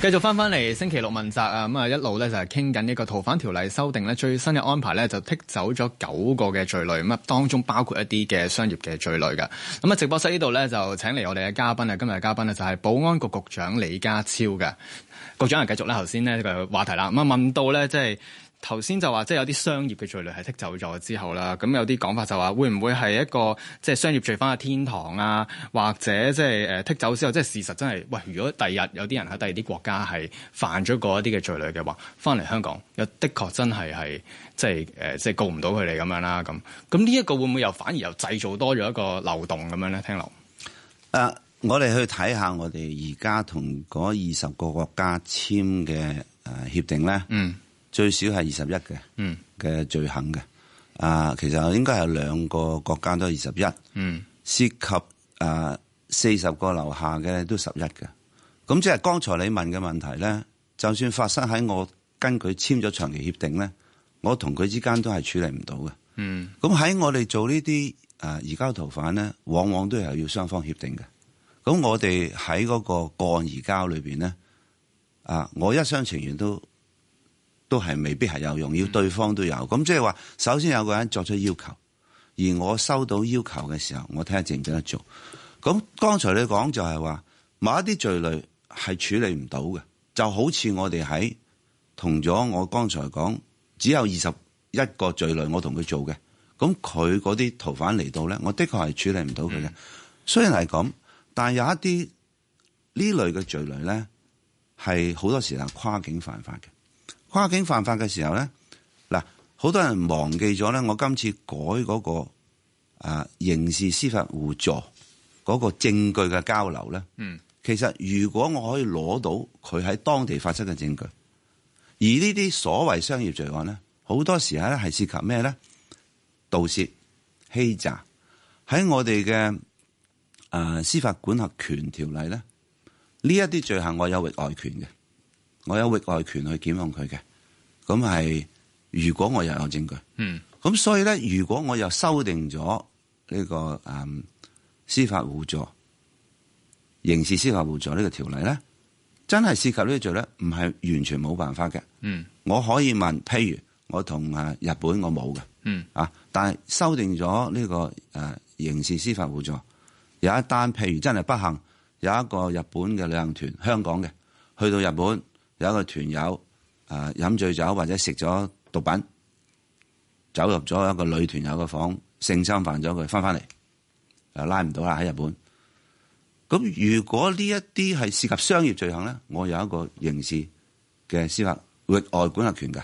繼續翻翻嚟星期六問責啊，咁啊一路咧就係傾緊呢個逃犯條例修訂咧，最新嘅安排咧就剔走咗九個嘅罪類，咁啊當中包括一啲嘅商業嘅罪類噶。咁啊直播室呢度咧就請嚟我哋嘅嘉賓啊，今日嘅嘉賓咧就係保安局局長李家超嘅。局長啊，繼續咧頭先呢個話題啦，咁啊問到咧即係。頭先就話，即係有啲商業嘅罪類係剔走咗之後啦，咁有啲講法就話，會唔會係一個即係商業罪犯嘅天堂啊？或者即係誒剔走之後，即係事實真係喂，如果第日有啲人喺第二啲國家係犯咗嗰一啲嘅罪類嘅話，翻嚟香港，又的確真係係即係、呃、即係告唔到佢哋咁樣啦。咁咁呢一個會唔會又反而又製造多咗一個漏洞咁樣咧？聽落、啊，我哋去睇下我哋而家同嗰二十個國家簽嘅誒協定咧，嗯。最少係二十一嘅、嘅、嗯、罪行嘅，啊，其實應該係兩個國家都係二十一，涉及啊四十個樓下嘅都十一嘅，咁即係剛才你問嘅問題咧，就算發生喺我，我跟佢簽咗長期協定咧，我同佢之間都係處理唔到嘅，咁喺、嗯、我哋做呢啲啊移交逃犯咧，往往都係要雙方協定嘅，咁我哋喺嗰個個案移交裏邊咧，啊，我一廂情願都。都係未必係有用，要對方都有咁，即係話首先有個人作出要求，而我收到要求嘅時候，我睇下值唔值得做。咁剛才你講就係話某一啲罪類係處理唔到嘅，就好似我哋喺同咗我剛才講只有二十一個罪類我，我同佢做嘅咁，佢嗰啲逃犯嚟到呢，我的確係處理唔到佢嘅。嗯、雖然係咁，但有一啲呢類嘅罪類呢，係好多時候係跨境犯法嘅。跨境犯法嘅時候咧，嗱，好多人忘記咗咧，我今次改嗰個啊刑事司法互助嗰個證據嘅交流咧。嗯，其實如果我可以攞到佢喺當地發生嘅證據，而呢啲所謂商業罪案咧，好多時候咧係涉及咩咧？盜竊、欺詐，喺我哋嘅啊司法管轄權條例咧，呢一啲罪行我有域外權嘅。我有域外權去檢控佢嘅，咁係如果我又有證據，嗯，咁所以咧，如果我又修訂咗呢個誒、嗯、司法互助、刑事司法互助呢個條例咧，真係涉及呢、這個罪咧，唔係完全冇辦法嘅，嗯，我可以問，譬如我同啊日本我冇嘅，嗯啊，但係修訂咗呢個誒、呃、刑事司法互助，有一單譬如真係不幸有一個日本嘅旅行團，香港嘅去到日本。有一個團友，誒、呃，飲醉酒或者食咗毒品，走入咗一個女團友嘅房，性侵犯咗佢，翻翻嚟又拉唔到啦喺日本。咁如果呢一啲係涉及商業罪行咧，我有一個刑事嘅司法域外管轄權嘅。呢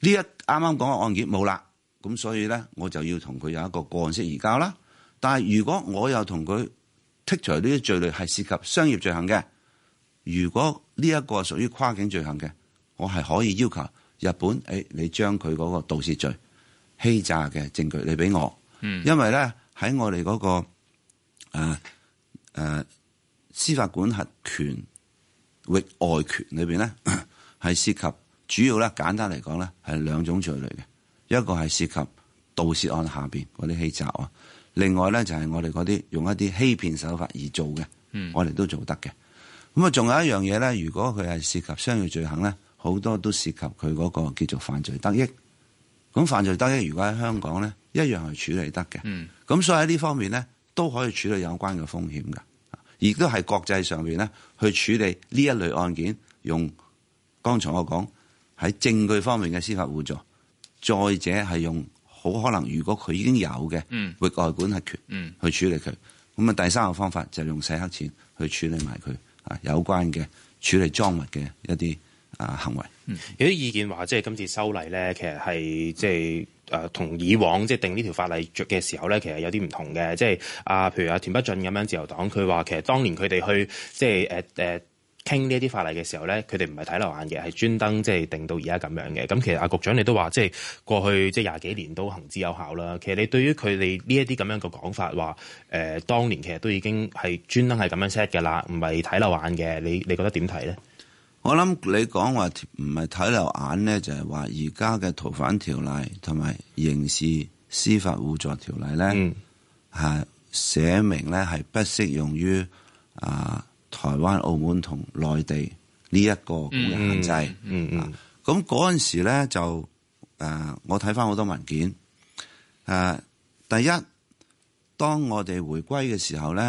一啱啱講嘅案件冇啦，咁所以咧我就要同佢有一個個案式移交啦。但係如果我又同佢剔除呢啲罪類係涉及商業罪行嘅，如果。呢一個屬於跨境罪行嘅，我係可以要求日本，誒、哎，你將佢嗰個盜竊罪、欺詐嘅證據你俾我。嗯，因為咧喺我哋嗰、那個誒、呃呃、司法管轄權域外權裏邊咧，係涉及主要咧簡單嚟講咧係兩種罪類嘅，一個係涉及盜竊案下邊嗰啲欺詐案、啊，另外咧就係、是、我哋嗰啲用一啲欺騙手法而做嘅，嗯、我哋都做得嘅。咁啊，仲有一樣嘢咧，如果佢係涉及商業罪行咧，好多都涉及佢嗰個叫做犯罪得益。咁犯罪得益如果喺香港咧，嗯、一樣係處理得嘅。咁、嗯、所以喺呢方面咧，都可以處理有關嘅風險噶，亦都係國際上面咧去處理呢一類案件，用剛才我講喺證據方面嘅司法互助，再者係用好可能如果佢已經有嘅，域外管轄權去處理佢。咁啊、嗯，嗯、第三個方法就用洗黑錢去處理埋佢。啊，有關嘅處理贓物嘅一啲啊行為，嗯，有啲意見話，即係今次修例咧，其實係即係同、呃、以往即係定呢條法例嘅時候咧，其實有啲唔同嘅，即係啊，啊，譬如啊，田北俊咁樣自由黨，佢話其實當年佢哋去即係、啊啊傾呢一啲法例嘅時候咧，佢哋唔係睇漏眼嘅，係專登即係定到而家咁樣嘅。咁其實阿局長你都話，即係過去即係廿幾年都行之有效啦。其實你對於佢哋呢一啲咁樣嘅講法，話誒當年其實都已經係專登係咁樣 set 嘅啦，唔係睇漏眼嘅。你你覺得點睇咧？我諗你講話唔係睇漏眼咧，就係話而家嘅逃犯條例同埋刑事司法互助條例咧，係、嗯、寫明咧係不適用於啊。呃台灣、澳門同內地呢一個嘅限制，咁嗰陣時咧就誒、呃，我睇翻好多文件誒、呃。第一，當我哋回歸嘅時候咧，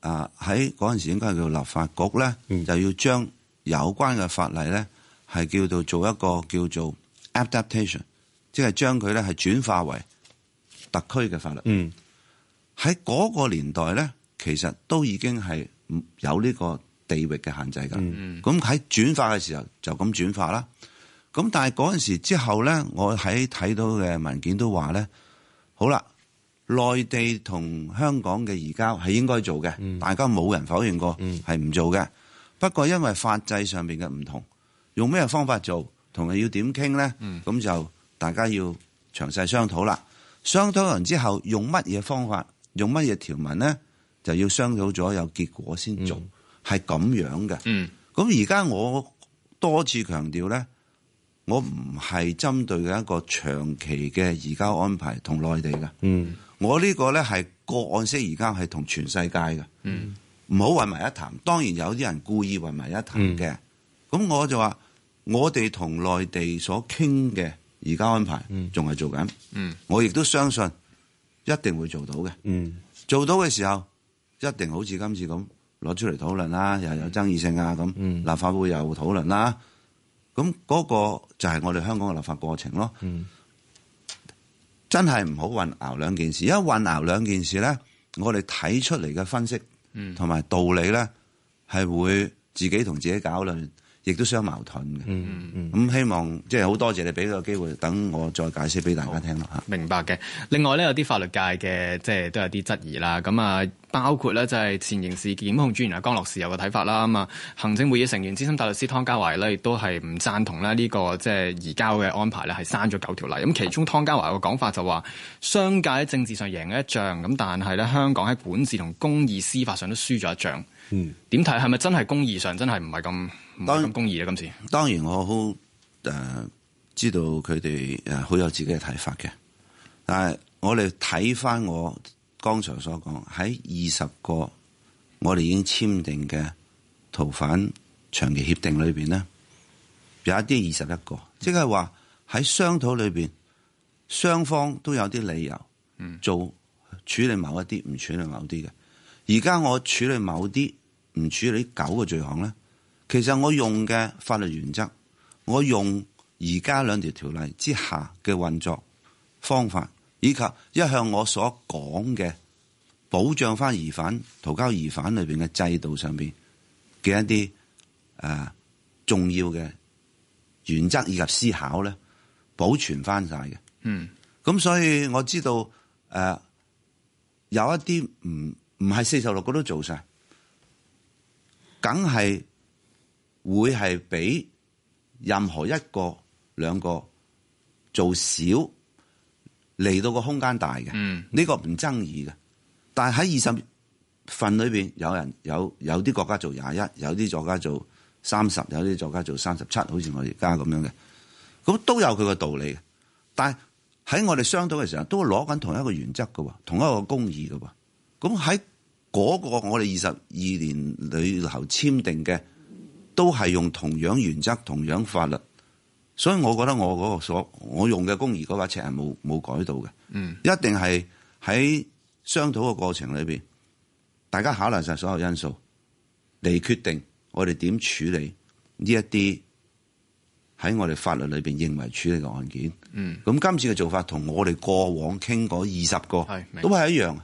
啊喺嗰陣時候應該係叫立法局咧，嗯、就要將有關嘅法例咧係叫做做一個叫做 adaptation，即係將佢咧係轉化為特區嘅法律。喺嗰、嗯、個年代咧，其實都已經係，有呢個地域嘅限制噶，咁喺轉化嘅時候就咁轉化啦。咁但係嗰陣時之後呢，我喺睇到嘅文件都話呢：「好啦，內地同香港嘅移交係應該做嘅，嗯、大家冇人否認過係唔做嘅。嗯、不過因為法制上面嘅唔同，用咩方法做，同人要點傾呢？咁、嗯、就大家要詳細商討啦。商討完之後，用乜嘢方法，用乜嘢條文呢？就要商討咗有結果先做，係咁、嗯、樣嘅。咁而家我多次強調咧，我唔係針對嘅一個長期嘅移交安排同內地嘅。嗯、我呢個咧係個案式移交係同全世界嘅，唔好混埋一談。當然有啲人故意混埋一談嘅。咁、嗯、我就話我哋同內地所傾嘅移交安排，仲係做緊。我亦都相信一定會做到嘅。嗯、做到嘅時候。一定好似今次咁攞出嚟討論啦，又有爭議性啊咁，立法會又討論啦，咁嗰、嗯、個就係我哋香港嘅立法過程咯。嗯、真係唔好混淆兩件事，一混淆兩件事咧，我哋睇出嚟嘅分析同埋道理咧，係會自己同自己搞亂。亦都相矛盾嘅、嗯，嗯嗯嗯。咁希望即係好多謝你俾個機會，等我再解釋俾大家聽。明白嘅。另外咧，有啲法律界嘅即係都有啲質疑啦。咁啊，包括咧就係、是、前刑事檢控專員阿江樂士有個睇法啦。咁啊，行政會議成員資深大律師湯家驊咧，亦都係唔贊同咧、這、呢個即係移交嘅安排咧，係刪咗九條例。咁其中湯家驊個講法就話，商界喺政治上贏一仗咁，但係咧香港喺管治同公義司法上都輸咗一仗。嗯，點睇係咪真係公義上真係唔係咁？當然公義啊！今次當然我好誒、呃，知道佢哋誒好有自己嘅睇法嘅。但係我哋睇翻我剛才所講，喺二十個我哋已經簽訂嘅逃犯長期協定裏邊咧，有一啲二十一個，即係話喺商討裏邊雙方都有啲理由做，做處理某一啲唔處理某啲嘅。而家我處理某啲唔處理九個罪行咧。其實我用嘅法律原則，我用而家兩條條例之下嘅運作方法，以及一向我所講嘅保障翻疑犯、逃交疑犯裏面嘅制度上面嘅一啲誒、呃、重要嘅原則以及思考咧，保存翻晒嘅。嗯。咁所以我知道誒、呃、有一啲唔唔係四十六個都做晒，梗係。會係畀任何一個兩個做少嚟到空間、嗯、個空間大嘅，呢個唔爭議嘅。但係喺二十份裏邊，有人有有啲國家做廿一，有啲作家做三十，有啲作家做三十七，好似我而家咁樣嘅。咁都有佢個道理嘅。但係喺我哋商討嘅時候，都攞緊同一個原則㗎，同一個公義㗎。咁喺嗰個我哋二十二年裏頭簽訂嘅。都係用同樣原則、同樣法律，所以我覺得我嗰所我用嘅公義嗰把尺係冇冇改到嘅，嗯、一定係喺商討嘅過程裏邊，大家考量晒所有因素嚟決定我哋點處理呢一啲喺我哋法律裏邊認為處理嘅案件。咁、嗯、今次嘅做法同我哋過往傾嗰二十個是都係一樣。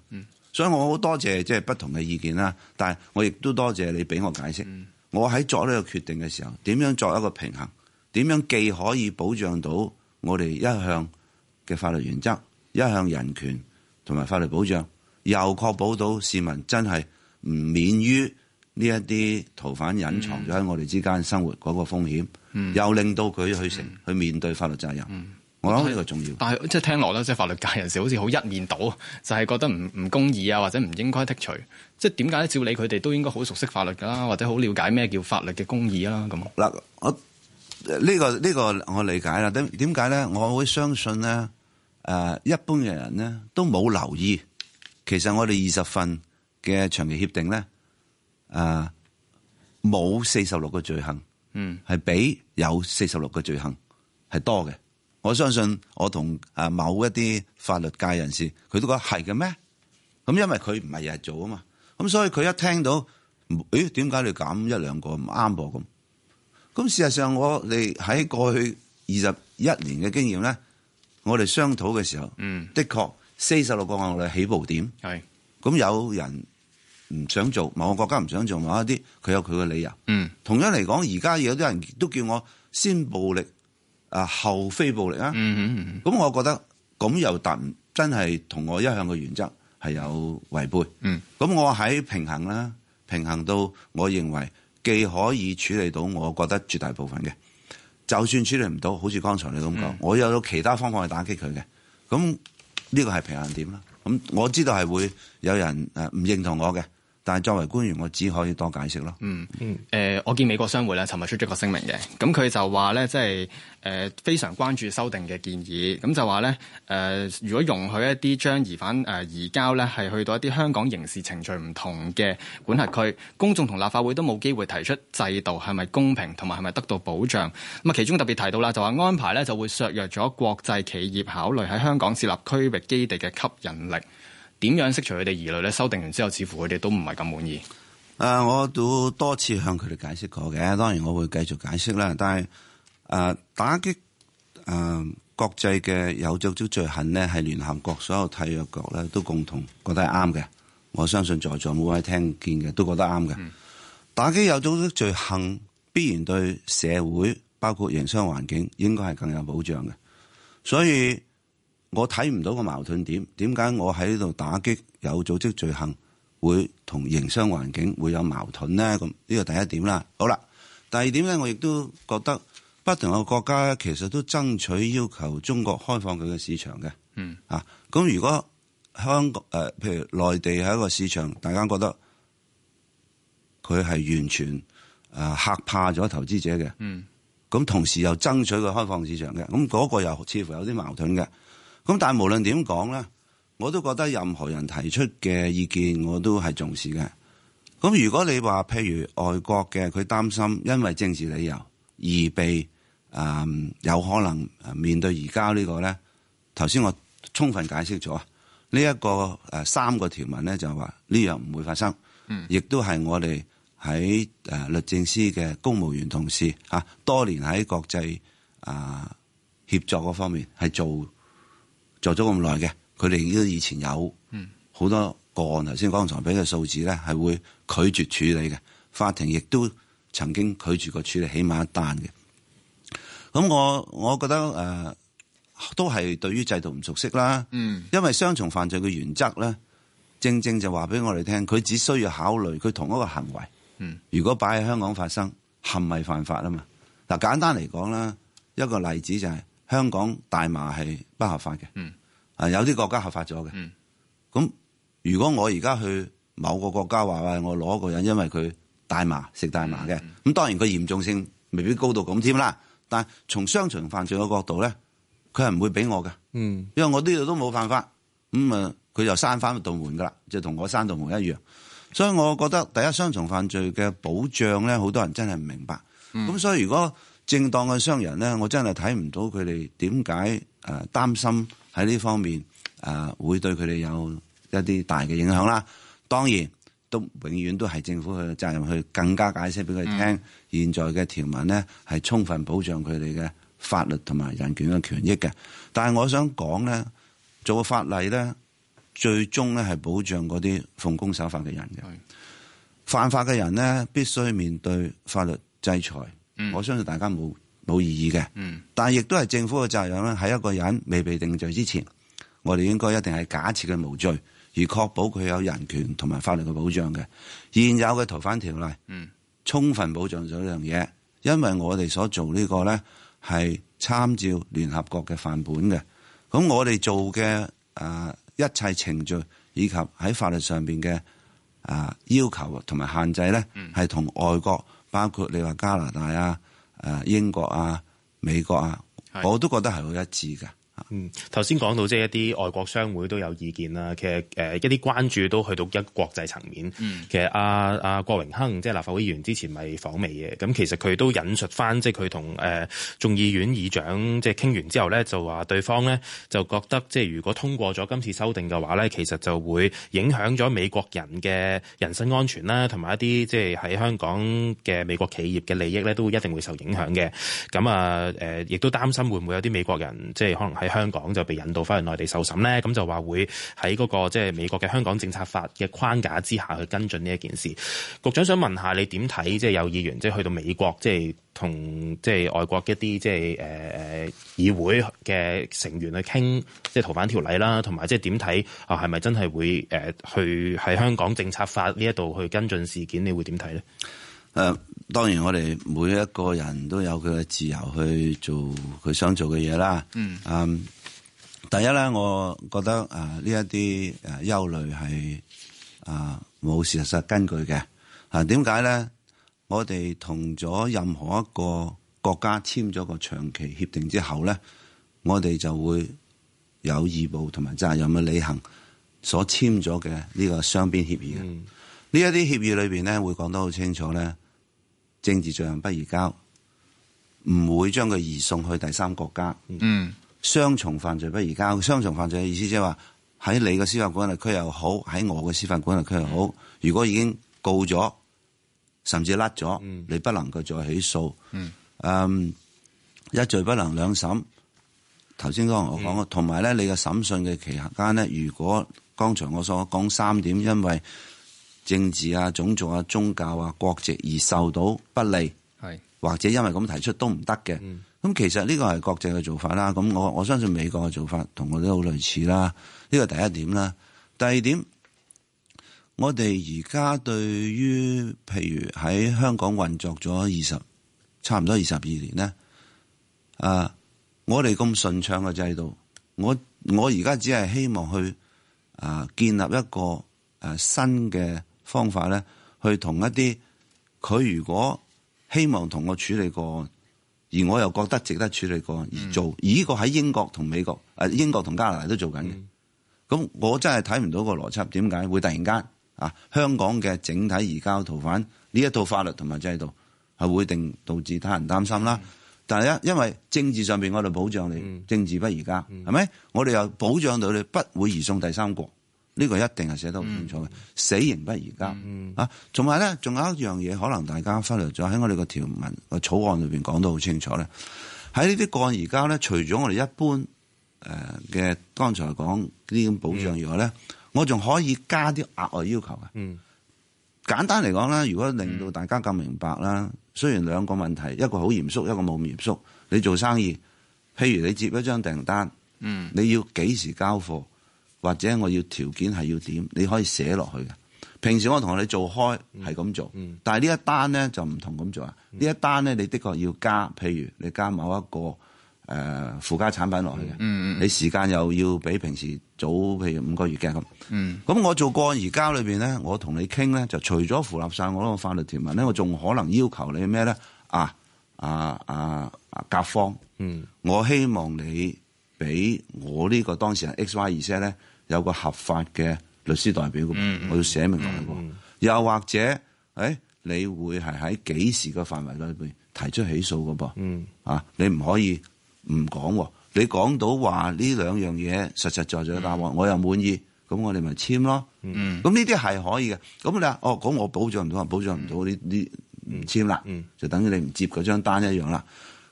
所以我好多謝即係不同嘅意見啦，但係我亦都多謝你俾我解釋。嗯我喺作呢個決定嘅時候，點樣作一個平衡？點樣既可以保障到我哋一向嘅法律原則，一向人權同埋法律保障，又確保到市民真係唔免於呢一啲逃犯隱藏咗喺我哋之間生活嗰個風險，嗯、又令到佢去成、嗯、去面對法律責任。嗯我諗呢個重要但，但係即係聽落咧，即係法律界人士好似好一面倒，就係、是、覺得唔唔公義啊，或者唔應該剔除。即係點解照理佢哋都應該好熟悉法律㗎啦，或者好了解咩叫法律嘅公義啦。咁嗱，我呢、這個呢、這個我理解啦。點點解咧？我會相信咧，誒、呃，一般嘅人咧都冇留意，其實我哋二十份嘅長期協定咧，誒、呃，冇四十六個罪行，嗯，係比有四十六個罪行係多嘅。我相信我同某一啲法律界人士，佢都覺得係嘅咩？咁因為佢唔係日日做啊嘛，咁所以佢一聽到，咦，點解你減一兩個唔啱噃咁？咁事實上我哋喺過去二十一年嘅經驗咧，我哋商討嘅時候，嗯，的確四十六個案例起步點，咁是有人唔想做，某個國家唔想做某一啲，佢有佢嘅理由。嗯，同樣嚟講，而家有啲人都叫我先暴力。啊，後非暴力啊！咁、嗯嗯嗯、我覺得咁又達真係同我一向嘅原則係有違背。咁、嗯、我喺平衡啦，平衡到我認為既可以處理到，我覺得絕大部分嘅，就算處理唔到，好似剛才你咁講，嗯、我有其他方法去打擊佢嘅。咁呢個係平衡點啦。咁我知道係會有人誒唔認同我嘅，但係作為官員，我只可以多解釋咯、嗯。嗯嗯、呃。我見美國商會咧，尋日出咗個聲明嘅，咁佢就話咧，即係。誒非常關注修訂嘅建議，咁就話咧誒，如果容許一啲將疑犯誒移交咧，係去到一啲香港刑事程序唔同嘅管轄區，公眾同立法會都冇機會提出制度係咪公平，同埋係咪得到保障。咁啊，其中特別提到啦，就話安排咧就會削弱咗國際企業考慮喺香港設立區域基地嘅吸引力。點樣釋除佢哋疑慮咧？修訂完之後，似乎佢哋都唔係咁滿意。啊、呃，我都多次向佢哋解釋過嘅，當然我會繼續解釋啦，但係。誒，打擊誒、呃、國際嘅有組織罪行咧，係聯合國所有締約國咧都共同覺得係啱嘅。我相信在座每位聽見嘅都覺得啱嘅。打擊有組織罪行必然對社會，包括營商環境應該係更有保障嘅。所以我睇唔到個矛盾點，點解我喺呢度打擊有組織罪行會同營商環境會有矛盾呢？咁呢個第一點啦。好啦，第二點呢，我亦都覺得。不同嘅國家其實都爭取要求中國開放佢嘅市場嘅，嗯、啊，咁如果香港、呃、譬如內地係一個市場，大家覺得佢係完全誒嚇、呃、怕咗投資者嘅，咁、嗯、同時又爭取佢開放市場嘅，咁、那、嗰個又似乎有啲矛盾嘅。咁但係無論點講咧，我都覺得任何人提出嘅意見我都係重視嘅。咁如果你話譬如外國嘅佢擔心因為政治理由。而被、嗯、有可能面對而家呢個咧，頭先我充分解釋咗啊，呢、這、一個、呃、三個條文咧就係話呢樣唔會發生，嗯，亦都係我哋喺、呃、律政司嘅公務員同事、啊、多年喺國際啊協助嗰方面係做做咗咁耐嘅，佢哋都以前有，嗯，好多個案頭先剛、嗯、才俾嘅數字咧係會拒絕處理嘅，法庭亦都。曾經拒絕過處理，起碼一單嘅，咁我我覺得誒、呃，都係對於制度唔熟悉啦。嗯，因為雙重犯罪嘅原則咧，正正就話俾我哋聽，佢只需要考慮佢同一個行為。嗯，如果擺喺香港發生，係咪犯法啊嘛？嗱，簡單嚟講啦，一個例子就係、是、香港大麻係不合法嘅。嗯，啊有啲國家合法咗嘅。嗯，咁如果我而家去某個國家話我攞一個人，因為佢。大麻食大麻嘅，咁、嗯、當然佢嚴重性未必高到咁添啦。但係從雙重犯罪嘅角度咧，佢係唔會俾我嘅，嗯、因為我呢度都冇犯法，咁啊佢就閂翻道門噶啦，就同我閂道門一樣。所以我覺得第一，雙重犯罪嘅保障咧，好多人真係唔明白。咁、嗯、所以如果正當嘅商人咧，我真係睇唔到佢哋點解誒擔心喺呢方面誒會對佢哋有一啲大嘅影響啦。當然。都永遠都係政府嘅責任去更加解釋俾佢聽，現在嘅條文咧係充分保障佢哋嘅法律同埋人權嘅權益嘅。但係我想講咧，做個法例咧，最終咧係保障嗰啲奉公守法嘅人嘅。犯法嘅人咧必須面對法律制裁。我相信大家冇冇異議嘅。嗯。但係亦都係政府嘅責任咧，喺一個人未被定罪之前，我哋應該一定係假設佢無罪，而確保佢有人權同埋法律嘅保障嘅，現有嘅逃犯條例、嗯、充分保障咗呢樣嘢，因為我哋所做呢個呢係參照聯合國嘅範本嘅，咁我哋做嘅啊一切程序以及喺法律上面嘅啊要求同埋限制呢，係同、嗯、外國包括你話加拿大啊、啊、英國啊、美國啊，我都覺得係好一致嘅。嗯，頭先講到即係一啲外國商會都有意見啦，其實誒、呃、一啲關注都去到一國際層面。嗯，其實阿、啊、阿、啊、郭榮鏗即係立法會議員之前咪訪美嘅，咁其實佢都引述翻即係佢同誒眾議院議長即係傾完之後咧，就話對方咧就覺得即係、就是、如果通過咗今次修訂嘅話咧，其實就會影響咗美國人嘅人身安全啦，同埋一啲即係喺香港嘅美國企業嘅利益咧都一定會受影響嘅。咁啊誒亦、呃、都擔心會唔會有啲美國人即係、就是、可能喺香香港就被引渡翻去內地受審咧，咁就話會喺嗰個即係美國嘅香港政策法嘅框架之下去跟進呢一件事。局長想問下你點睇，即係有議員即係去到美國，即係同即係外國一啲即係誒誒議會嘅成員去傾即係逃犯條例啦，同埋即係點睇啊？係咪真係會誒去喺香港政策法呢一度去跟進事件？你會點睇咧？誒。啊當然，我哋每一個人都有佢嘅自由去做佢想做嘅嘢啦。嗯，嗯，第一咧，我覺得啊，呢一啲誒憂慮係啊冇事實、實根據嘅。啊，點解咧？我哋同咗任何一個國家簽咗個長期協定之後咧，我哋就會有義務同埋責任嘅履行所簽咗嘅呢個雙邊協議嘅。呢一啲協議裏邊咧，會講得好清楚咧。政治罪行不移交，唔會將佢移送去第三國家。雙、嗯、重犯罪不移交。雙重犯罪嘅意思即係話，喺你嘅司法管理區又好，喺我嘅司法管理區又好。如果已經告咗，甚至甩咗，嗯、你不能夠再起訴。嗯，um, 一罪不能兩審。頭先剛同我講，同埋咧，你嘅審訊嘅期間咧，如果剛才我所講三點，因為。政治啊、種族啊、宗教啊、國籍而受到不利，係嘅、嗯、或者因為咁提出都唔得嘅。咁其實呢個係國際嘅做法啦。咁我我相信美國嘅做法同我哋都好類似啦。呢個第一點啦。第二點，我哋而家對於譬如喺香港運作咗二十差唔多二十二年咧，啊，我哋咁順暢嘅制度，我我而家只係希望去啊建立一個誒新嘅方法咧，去同一啲佢如果希望同我處理個案，而我又覺得值得處理個案而做，嗯、而呢個喺英國同美國，啊英國同加拿大都做緊嘅。咁、嗯、我真係睇唔到個邏輯點解會突然間啊？香港嘅整體移交逃犯呢一套法律同埋制度係會定導致他人擔心啦。嗯、但係咧，因為政治上邊我哋保障你，嗯、政治不移交係咪？我哋又保障到你不會移送第三國。呢個一定係寫得好清楚嘅，嗯、死刑不宜交啊！同埋呢，仲有一樣嘢，可能大家忽略咗喺我哋個條文個草案裏邊講得好清楚呢，喺呢啲個案而家呢，除咗我哋一般誒嘅、呃、剛才講啲咁保障以外，呢、嗯、我仲可以加啲額外要求嘅。嗯、簡單嚟講呢，如果令到大家更明白啦，嗯、雖然兩個問題，一個好嚴肅，一個冇嚴肅。你做生意，譬如你接一張訂單，你要幾時交貨？或者我要條件係要點，你可以寫落去嘅。平時我同你做開係咁做，嗯嗯、但係呢一單咧就唔同咁做啊。呢、嗯、一單咧，你的確要加，譬如你加某一個誒、呃、附加產品落去嘅。嗯嗯。你時間又要比平時早，譬如五個月嘅咁。嗯。咁我做過而家裏面咧，我同你傾咧，就除咗符合晒我嗰個法律條文咧，我仲可能要求你咩咧？啊啊啊！甲方，嗯、我希望你俾我呢個當事人 X、Y、Z 咧。有個合法嘅律師代表，我要寫明落、嗯嗯嗯、又或者，誒、哎，你會係喺幾時嘅範圍裏邊提出起訴嘅噃？嗯、啊，你唔可以唔講，你講到話呢兩樣嘢實實在在，在，在，但係、嗯、我又滿意，咁我哋咪簽咯。咁呢啲係可以嘅。咁你話哦，咁我保障唔到，保障唔到呢啲唔簽啦，嗯嗯、就等於你唔接嗰張單一樣啦。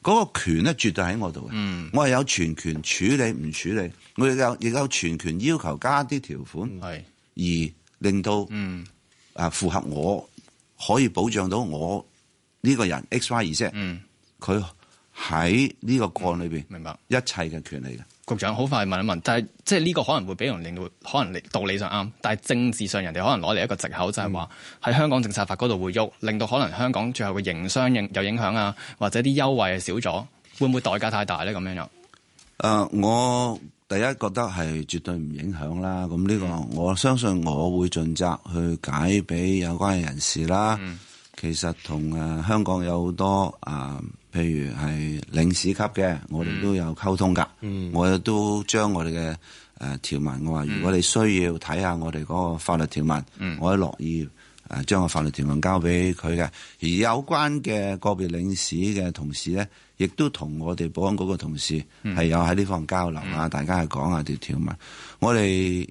嗰個權咧絕對喺我度嘅，嗯、我係有全權處理唔處理，我亦有亦有全權要求加啲條款，係而令到、嗯、啊符合我可以保障到我呢個人 X、Y、嗯、Z，佢喺呢個個案裏邊、明白一切嘅權利嘅。局長好快問一問，但係即係呢個可能會俾人令到可能道理上啱，但係政治上人哋可能攞嚟一個藉口，就係話喺香港政策法嗰度會喐，令到可能香港最後嘅營商有影響啊，或者啲優惠係少咗，會唔會代價太大呢？咁樣樣？誒，我第一覺得係絕對唔影響啦。咁呢個我相信我會盡責去解俾有關嘅人士啦。嗯、其實同誒、呃、香港有好多誒。呃譬如係領事級嘅，我哋都有溝通㗎。嗯、我亦都將我哋嘅誒條文，我話如果你需要睇下我哋嗰個法律條文，嗯、我都樂意誒將個法律條文交俾佢嘅。而有關嘅個別領事嘅同事咧，亦都同我哋保安局嘅同事係有喺呢方交流啊，嗯、大家係講下條條文。我哋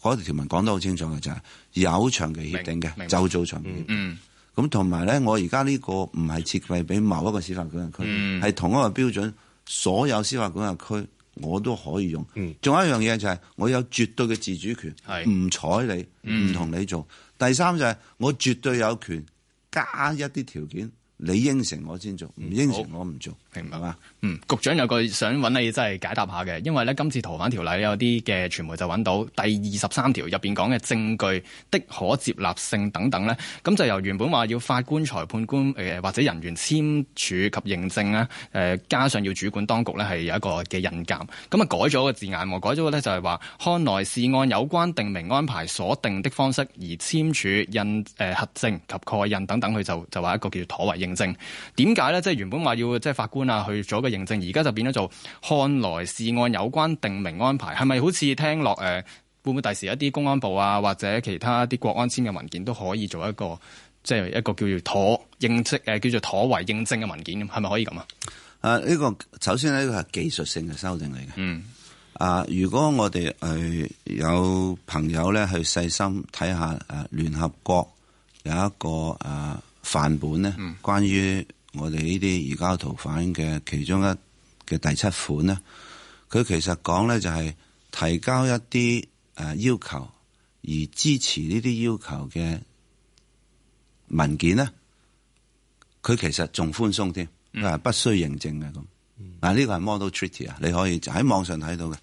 嗰條條文講得好清楚嘅就係、是、有長期協定嘅就做長期協定。嗯嗯咁同埋咧，我而家呢個唔係設計俾某一個司法管轄區，係、嗯、同一個標準，所有司法管轄區我都可以用。仲、嗯、有一樣嘢就係、是，我有絕對嘅自主權，唔睬是你，唔同、嗯、你做。第三就係、是，我絕對有權加一啲條件，你應承我先做，唔應承我唔做。嗯明唔明啊？嗯，局長有個想揾你，真係解答下嘅，因為咧今次逃犯條例有啲嘅傳媒就揾到第二十三條入邊講嘅證據的可接納性等等咧，咁就由原本話要法官、裁判官誒、呃、或者人員簽署及認證呢誒、呃、加上要主管當局咧係有一個嘅印鑑，咁啊改咗個字眼改咗個咧就係話看來是按有關定名安排所定的方式而簽署印誒、呃、核證及蓋印等等，佢就就話一個叫做妥為認證。點解咧？即係原本話要即係法官。啊，去咗個認證，而家就變咗做看來是案有關定名安排，係咪好似聽落誒？會唔會第時一啲公安部啊，或者其他啲國安簽嘅文件都可以做一個，即係一個叫做妥認證，叫做妥為認證嘅文件咁？係咪可以咁啊？誒，呢個首先呢，呢個係技術性嘅修訂嚟嘅。嗯。啊，如果我哋誒有朋友咧，去細心睇下誒聯合國有一個誒範本咧，嗯、關於。我哋呢啲移交逃犯嘅其中一嘅第七款咧，佢其實講咧就係、是、提交一啲誒、呃、要求而支持呢啲要求嘅文件咧，佢其實仲寬鬆添，係不需認證嘅咁。嗱呢個係《Model Treaty》啊，你可以喺網上睇到嘅。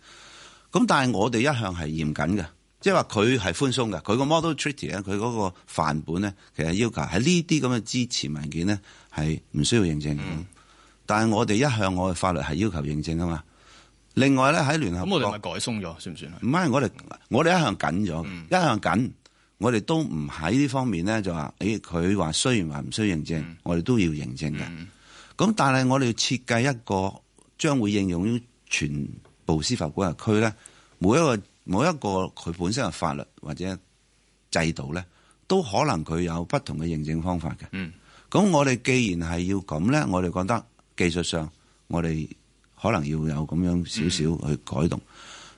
咁但係我哋一向係嚴謹嘅。即係話佢係寬鬆嘅，佢個 Model Treaty 咧，佢嗰個範本咧，其實要求喺呢啲咁嘅支持文件咧，係唔需要認證嘅。嗯、但係我哋一向我嘅法律係要求認證啊嘛。另外咧喺聯合國，我哋改鬆咗，算唔算？唔係我哋，我哋一向緊咗，嗯、一向緊，我哋都唔喺呢方面咧就話，誒佢話雖然話唔需要認證，嗯、我哋都要認證嘅。咁、嗯、但係我哋要設計一個將會應用於全部司法管轄區咧，每一個。每一個佢本身嘅法律或者制度呢，都可能佢有不同嘅認證方法嘅。咁、嗯、我哋既然係要咁呢，我哋覺得技術上我哋可能要有咁樣少少去改動。嗯、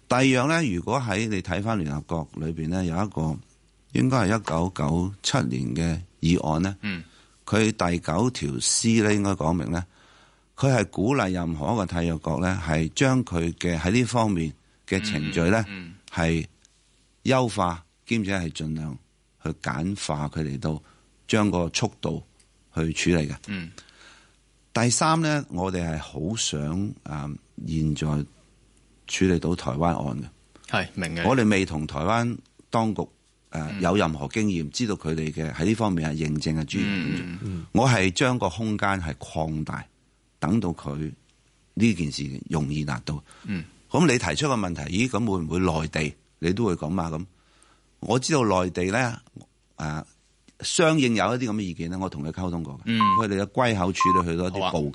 第二樣呢，如果喺你睇翻聯合國裏邊呢，有一個應該係一九九七年嘅議案呢，佢、嗯、第九條 C 呢應該講明呢，佢係鼓勵任何一個體育國呢，係將佢嘅喺呢方面嘅程序呢。嗯嗯係優化，兼且係盡量去簡化佢哋到將個速度去處理嘅。嗯、第三呢，我哋係好想啊，現在處理到台灣案嘅。係明嘅。我哋未同台灣當局誒有任何經驗，嗯、知道佢哋嘅喺呢方面係認證嘅專業。是嗯、我係將個空間係擴大，等到佢呢件事容易達到。嗯咁你提出個問題咦？咁會唔會內地你都會咁啊？咁我知道內地咧，啊，相應有一啲咁嘅意見咧，我同佢溝通過嘅。嗯，佢哋嘅歸口處理去咗一啲報。